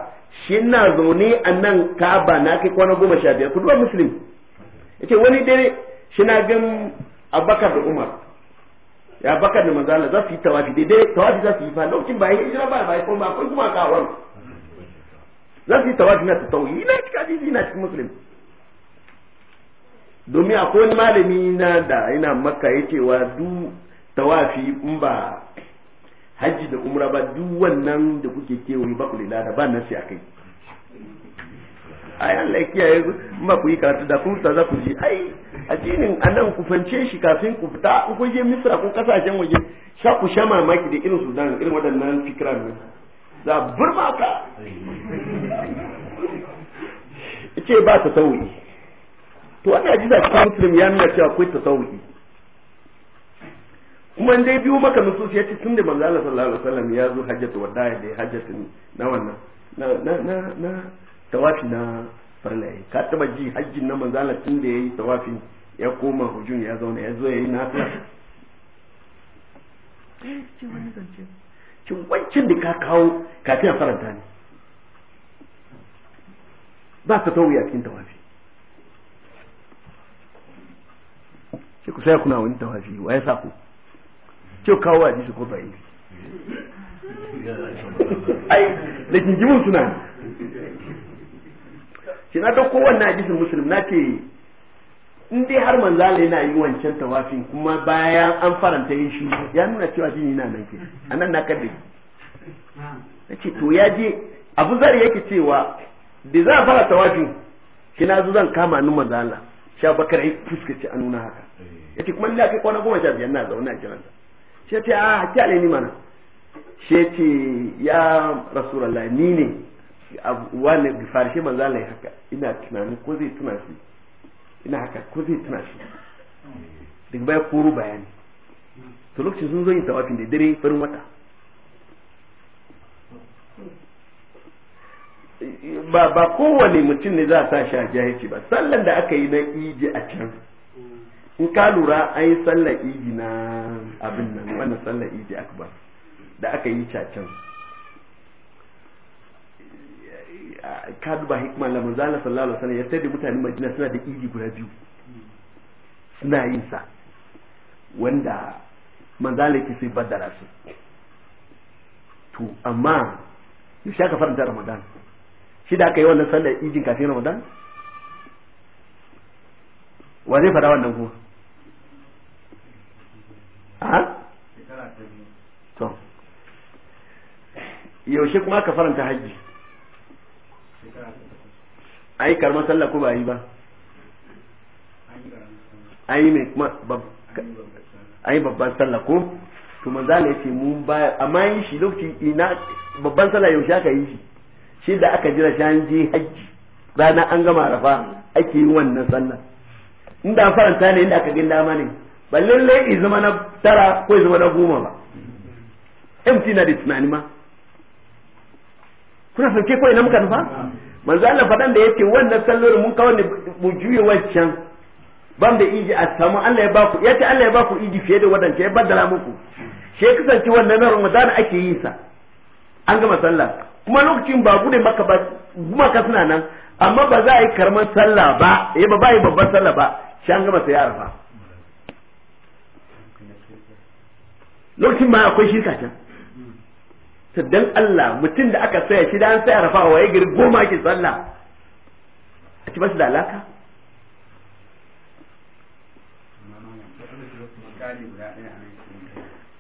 shi na zaune a nan Ka'aba na kai kwana goma sha biyar ku duba musulmi yace wani dare shi na gan Abubakar da Umar ya bakar da manzo Allah za su yi tawafi daidai tawafi za su yi fa lokacin ba yi hijira ba ba kuma akwai kuma ka wurin za su yi tawafi na tawhi ina cikin hadisi ina cikin muslim domin akwai wani malami na da ina makka ya cewa du tawafi in ba hajji da umra ba duk wannan da kuke kewaye ba ku lada ba nasi kai ai Allah ya kiyaye in ba ku yi karatu da ku za ku ji ai addinin anan ku fance shi kafin ku fita ku kun je Misra ko kasashen waje sha ku sha mamaki da irin Sudan irin waɗannan fikira ne za burma ka ce ba ta sauyi to wannan hadisa cikin muslim ya nuna cewa akwai ta sauyi kuma in dai biyu maka nusus ya ce tun da manzo Allah sallallahu alaihi wasallam ya zo hajjatu Wadda, da hajjatu na wannan na na na tawafi na farla yi ka taba ji hajjin na manzala tun da yi tawafi ya koma hujun ya zauna ya zo ya yi ce wani cin wancan da ka kawo kafin a faranta ne ba ta tawo ya cikin tawafi ce ku sai kuna wani tawafi wa ya ce ku kawo wa ji su ko ba ai da jinjimin suna shi na dauko wannan hadisin muslim na ce in dai har manzala yana yi wancan tawafin kuma bayan an faranta yin shi ya nuna cewa jini na nan ke anan na kaddi na to ya je abu zar yake cewa da za a fara tawafin shi na zo zan kama ni manzala sha bakar ya fuskaci an nuna haka ya kuma ni kai kwana goma sha biyar na zaune a jiran shi ya ce a ah, hakki ne ni mana shi ya ce ya rasulallah ni ne wani farshe manzo Allah haka ina tunani ko zai tuna shi ina haka ko zai tuna shi duk baya koro bayani to lokacin sun zo yin tawafin da dare farin wata ba ba kowane mutum ne za a sa shi a ce ba sallan da aka yi na iji a can in ka lura an yi sallar iji na abin nan wannan sallar iji akbar da aka yi can ka duba hikima la manzo Allah sallallahu alaihi wasallam ya sai da mutanen Madina suna da idi guda biyu suna yin sa wanda manzo Allah yake sai badara su to amma ya shaka faranta Ramadan shi da aka yi wannan sallar idin kafin Ramadan wa zai fada wannan kuma a to yaushe kuma ka faranta hajji ai karman sallah ko ba yi ba ai mai kuma ai babban sallah ko to manzo Allah yace mun ba amma yin shi lokaci ina babban sallah yaushe aka yi shi shi da aka jira shi an je haji rana an gama rafa ake yin wannan sallah inda faranta ne inda aka ginda dama ne ba lalle i zama na tara ko i zama na goma ba empty na da tunani ma kuna fanke ko ina muka nufa manzo Allah fadan da yake wannan sallar mun kawo ne mu juye wancan ban da iji a samu Allah ya baku yace Allah ya baku iji fiye da wadanda ya baddala muku shi kasance wannan na Ramadan ake yin sa an gama sallah kuma lokacin ba gude maka ba ka suna nan amma ba za a yi karman sallah ba eh ba bai yi babban sallah ba shi an gama sai arfa lokacin ma akwai shirka can to Allah mutum da aka saya shi da an saya rafa waye gari goma ki sallah a ci masu da alaka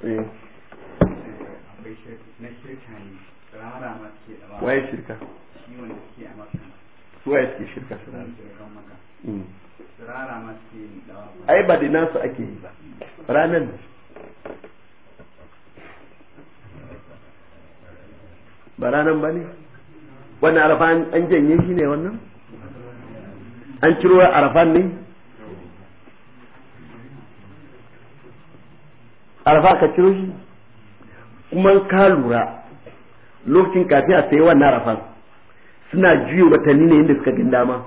eh. waye shirka waye suke shirka hmm. ai ba da ake yi ba ranar ba ranan ba ne wannan arafa an janye shi ne wannan an ciro arafan ne arafa ka ciro shi kuma ka lura lokacin kafin a sayi wannan arafan suna juya watanni ne inda suka gin dama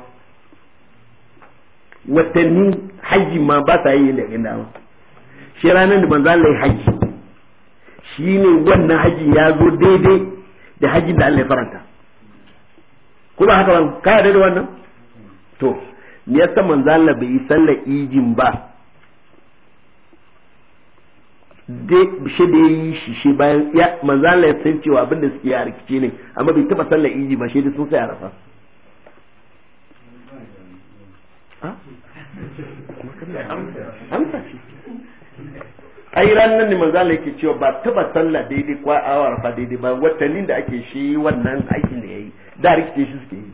watanni hajji ma ba sa yi inda gin dama shi ranar da manzo Allah ya hajji shi ne wannan hajji ya zo daidai da hajjin da Allah ya faranta kuma haka ban ka da wannan to me yasa manzo Allah bai sallar ijin ba shi da yi shi shi bayan ya manzala ya san cewa abinda suke a rikici ne amma bai taba sallar iji ba shi da sun sai arafa. ha ai ranar ne manzo Allah yake cewa ba taba sallah daidai kwa awa fa daidai ba watannin da ake shi wannan aikin da yayi da rikice shi suke yi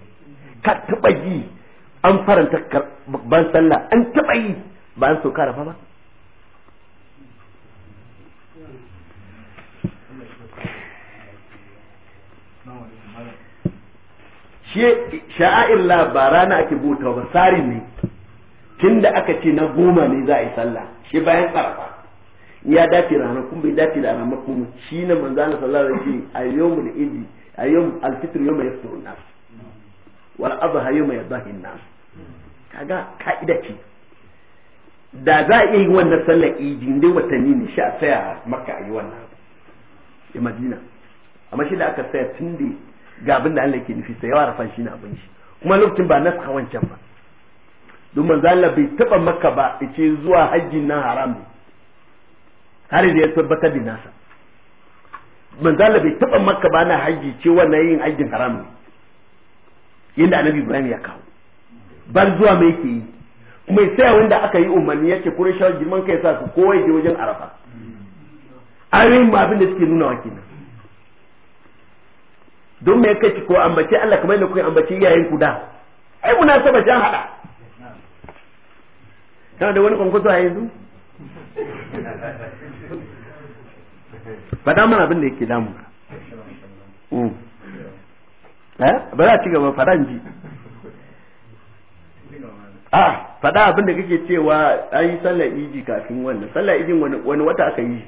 ka taba yi an faranta ban sallah an taba yi ba an ka rafa ba sha'a'ir la ba rana ake bota ba tsarin ne tunda aka ce na goma ne za a yi sallah shi bayan arafa ya dace rana kuma bai dace da rana kuma shi ne manzo Allah sallallahu alaihi wasallam a yawmul idi a yawm alfitr fitr yawma yafturun nas wal adha yawma yadhahin nas kaga kaida ce da za a iya yi wannan sallar idi dai watanni ne sha tsaya maka a yi wannan a madina amma shi da aka tsaya tun da ga abin da Allah ke nufi sai yawa rafan shi na abin shi kuma lokacin ba nasa wancan ba don manzo Allah bai taba maka ba ce zuwa hajjin nan haram ne har ya tabbatar da nasa manzala bai taba maka ba na haji ce wannan yin aikin haram ne yadda annabi ibrahim ya kawo ban zuwa mai ke yi kuma ya tsaya wanda aka yi umarni ya ce kuma shawar girman kai sa su kowai ya wajen arafa ayoyin ma abin da suke nuna wa kenan don me kai ko ambace Allah kamar yadda kuka ambace iyayen ku da ai saba jan hada kana da wani kwankwaso a yanzu faɗa mana abin da yake damu mm. eh? ba za a ci gaba faɗa ji a ah, faɗa abin da kake cewa an yi sallar iji kafin wannan sallar iji wani wata aka yi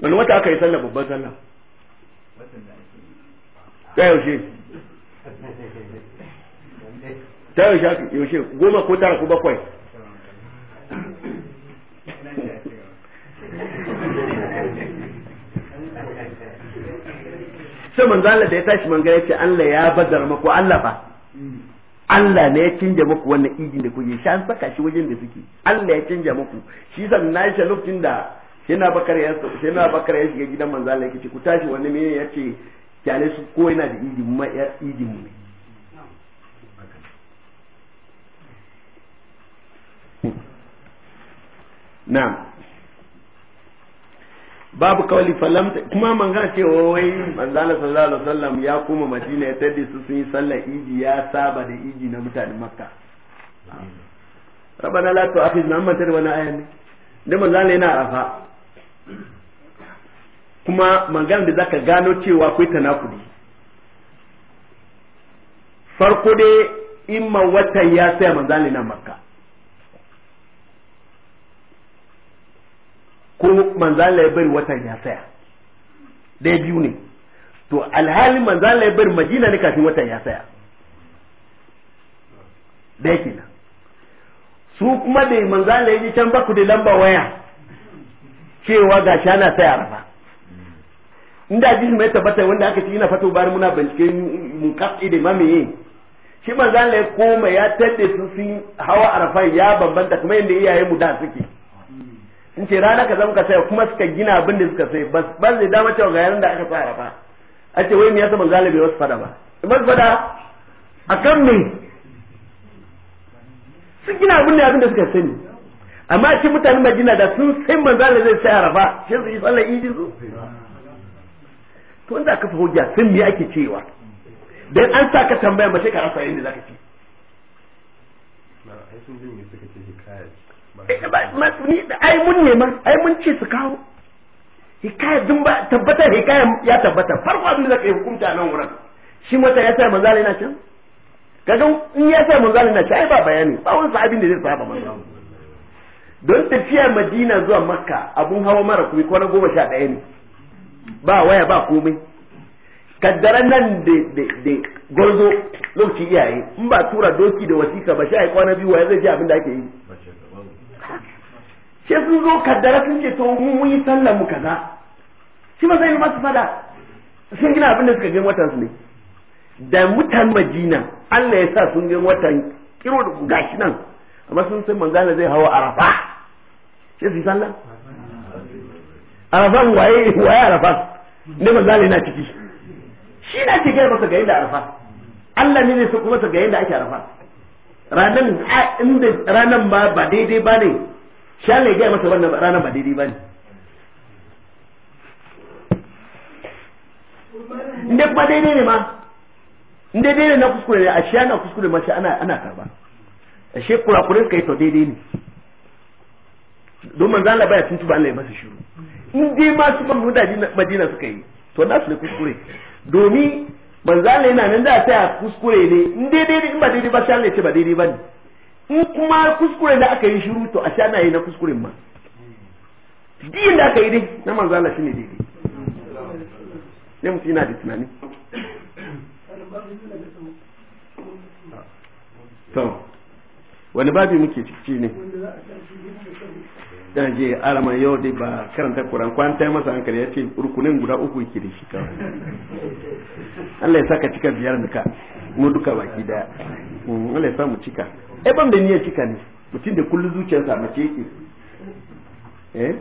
wani wata aka yi sallar babban sallar ta yaushe ta yaushe goma ko tara ko bakwai sai manzo Allah da ya tashi ya ce Allah ya badar muku Allah fa Allah ne ya canja muku wannan idin da kuke shan an saka shi wajen da suke Allah ya canja muku shi san na shi lokacin da na bakar ya na bakar ya shiga gidan manzo Allah yake ku tashi wani me yace kyale su ko yana da idin ma idin mu na'am babu kawali falam kuma ga cewa wai manzala sallallahu alaihi wasallam ya koma madina ya tadda su sun yi sallar iji ya saba da iji na mutanen makka rabana la tu akhizna amma tar wani ayan ne da manzala yana rafa kuma mangan da zaka gano cewa akwai tanakudi farko dai imma watan ya saya manzala na makka ko manzan ya bari watan ya saya dai biyu ne to alhalin manzan ya bari madina ne kafin watan ya saya dai kenan su kuma da manzan ya ji can baku da lamba waya cewa ga shi ana saya rafa inda ji mai tabbata wanda aka ci ina fato bari muna bincike mun kafi da mamaye shi manzan ya koma ya tadda su sun hawa arafa ya bambanta kuma yadda iyayen mu da suke in ce rana zama ka saya kuma suka gina abin da suka sai bas ban zai dama cewa ga yaran da aka tsara ba a ce wai me yasa ban galibi wasu fada ba ban fada kan me sun gina abin da abin da suka sani amma ce mutanen Madina da sun sai ban Allah zai tsara ba shi su yi sallar idi su to inda ka fa hujja sun me ake cewa dan an sa ka tambaya sai ka rasa yadda zaka ci na ai sun jin me suka ce ai mun nema ai mun ce su kawo hikaya dun ba tabbatar hikaya ya tabbata farko abin da zaka yi hukunta nan wurin shi mata ya sa manzali na can kaga in ya sa manzali na can ai ba bayani ba wani sahabin da zai saba manzali don tafiya madina zuwa makka abun hawa mara kuma kwana goma sha ɗaya ne ba waya ba komai kaddaran nan da gwarzo lokaci iyaye in ba tura doki da wasiƙa ba sha kwana biyu waya zai ji abin da ake yi sai sun zo kaddara sun ce to mun yi sallar mu kaza shi ba zai masu fada sun gina abin da suka gan watan su ne da mutan Madina Allah ya sa sun gina watan kiro da gashi nan amma sun san manzala zai hawa Arafa sai su yi sallar? Arafa waye waye Arafa ne manzala yana ciki shi na ke gaya masa ga yadda Arafa Allah ne ne su kuma sa ga yadda ake Arafa ranan inda ranan ba ba daidai ba ne shi Allah gaya masa wannan ranar ba daidai ba ne inda kuma daidai ne ma inda daidai na kuskure ne a shi ana kuskure ma shi ana karba a shi kurakure suka yi to daidai ne domin manzo Allah baya tuntuba Allah ya masa shiru in dai ma su ban mudaji Madina suka yi to na su ne kuskure domin manzo Allah yana nan da ta kuskure ne in daidai in ba daidai ba shi Allah ya ce ba daidai ba ne in kuma kuskure da aka yi shiru to a sha yi na kuskuren ma din da aka yi dai na manzala shine daidai ne mutum yana da tunani to wani babi muke ciki ne dan je alama yau dai ba karanta kuran kwanta masa hankali ya ce rukunin guda uku yake da shi kawai Allah ya saka cika biyar da ka mu duka baki da hmm, Allah ya sa mu cika E ban da niyyar cika ne mutum da kullum zuciyarsa mace yake eh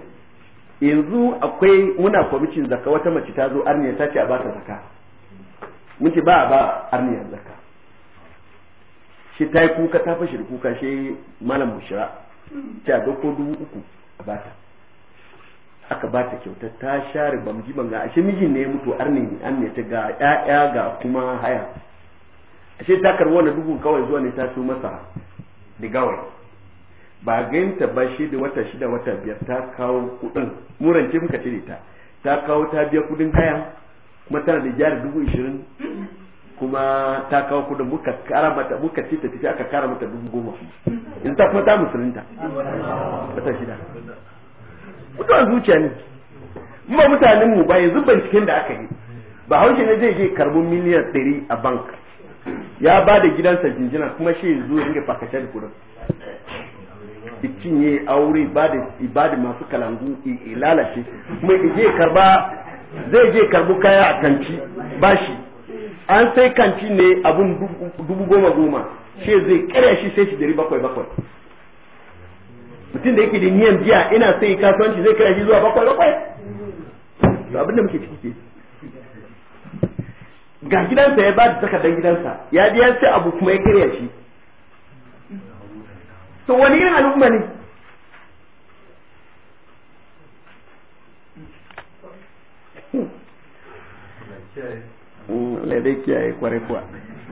yanzu akwai muna kwamitin zaka wata mace ta zo arniya ta ce a ba ta zaka? mun ce ba a ba arniya zaka shi ta yi kuka ta fashe da kuka shi malam bushira ta dauko dubu uku a bata aka bata kyauta ta share ban banga ashe mijin ne ya mutu arni an ta ga ƴaƴa ga kuma haya ashe ta karbi wannan dubu kawai zuwa ne ta so masa da gawai ba ganta ba shi da wata shida wata biyar ta kawo kudin murance muka cire ta ta kawo ta biya kudin kayan kuma tana da jari dubu ishirin kuma ta kawo kudin muka kara mata muka ce ta tafi aka kara mata dubu goma in ta kuma ta musulunta wata shida mutuwar zuciya ne ba mutanen mu ba yanzu binciken da aka yi ba haushe ne zai je karbin miliyan ɗari a bank ya ba da gidansa jinjina kuma shi zo ya fakashe da kudin cinye aure ba da masu kalangu lalace kuma je karba zai je karbu kaya a kanci bashi an sai kanci ne abun dubu goma goma shi zai kira shi sai shi dari bakwai bakwai mutum da yake da niyan biya ina sai kasuwanci zai kira shi zuwa bakwai bakwai abin da muke ciki ke ga gidansa ya ba da takardar gidansa ya biya sai abu kuma ya karya shi to wani irin al'umma ne hmm, laidai kiyaye kwarai kuwa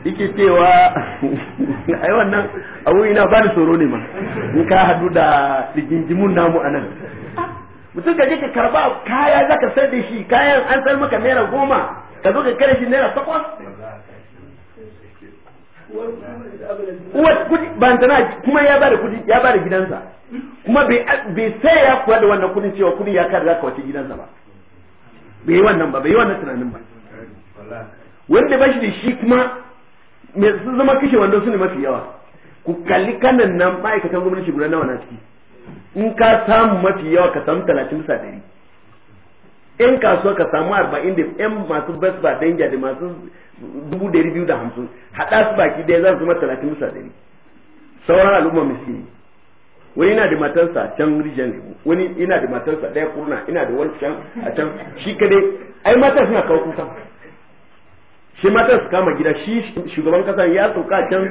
yake cewa ai wannan abu ina ba da tsoro ne ma in ka hadu da rigingimun namu a nan ah, mutum ka je ka karba kaya zaka sai da shi kayan an san maka naira goma ka zo ka kare shi naira takwas uwar kudi ba tana kuma ya bada kudi ya bada gidansa kuma bai sai ya kuwa da wannan kudin cewa kudin ya kada ka wace gidansa ba bai yi wannan ba bai yi wannan tunanin ba wanda ba shi da shi kuma me sun zama kashe wanda su ne mafi yawa ku kalli kanan nan ma'aikatan gwamnati guda nawa na ciki in ka samu mafi yawa ka samu talatin bisa ɗari yan kasuwa ka samu arba'in da yan masu best ba danja da masu dubu dari biyu da hamsin haɗa su baki ɗaya za su zama talatin bisa ɗari sauran al'umma miskini wani yana da matarsa can rijiyar lemu wani yana da matarsa ɗaya kurna ina da wani can a can shi dai ai matar suna kawo kuka shi matar su kama gida shi shugaban kasa ya sauka a can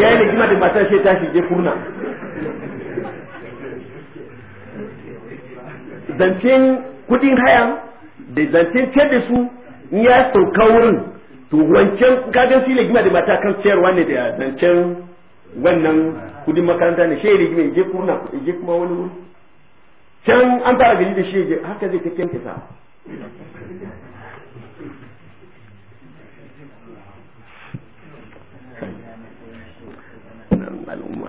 ya yi hikima da matar shi tashi je kurna zancen kudin hayan da zancen ce da su in ya sauka wurin to wancan kagan shi rigima da mata kan ciyarwa ne da zancen wannan kudin makaranta ne shi rigima je kurna je kuma wani wuri can an fara gani da shi haka zai ta kyankisa al'umma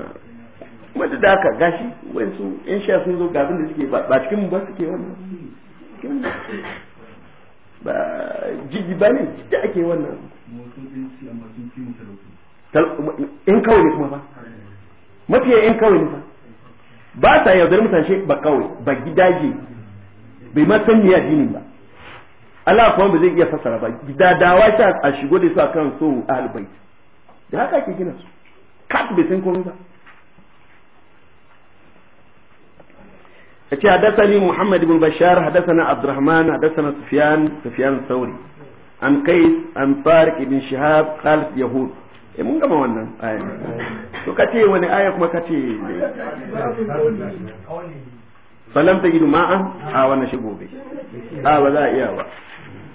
wadda da aka gashi wani su yan sha sun zo gabin da suke ba cikin ba suke wannan cikin ba jigi ba ne da ake wannan in kawai ne kuma ba mafiya in kawai ne ba ba sa yaudar mutane ba kawai ba gidaje bai ma san miya dinin ba Allah kuma ba zai iya fassara ba gidadawa ta a shigo da su a kan so a bait da haka ake gina su kasu bai san komai ba kace hadathani muhammad ibn bashar hadathana abdurrahman hadathana sufyan sufyan sauri an qais an tariq ibn shihab khalid yahud eh mun gama wannan aya to kace wani aya kuma kace salam tajidu ma'an a wannan shi gobe a ba za a iya ba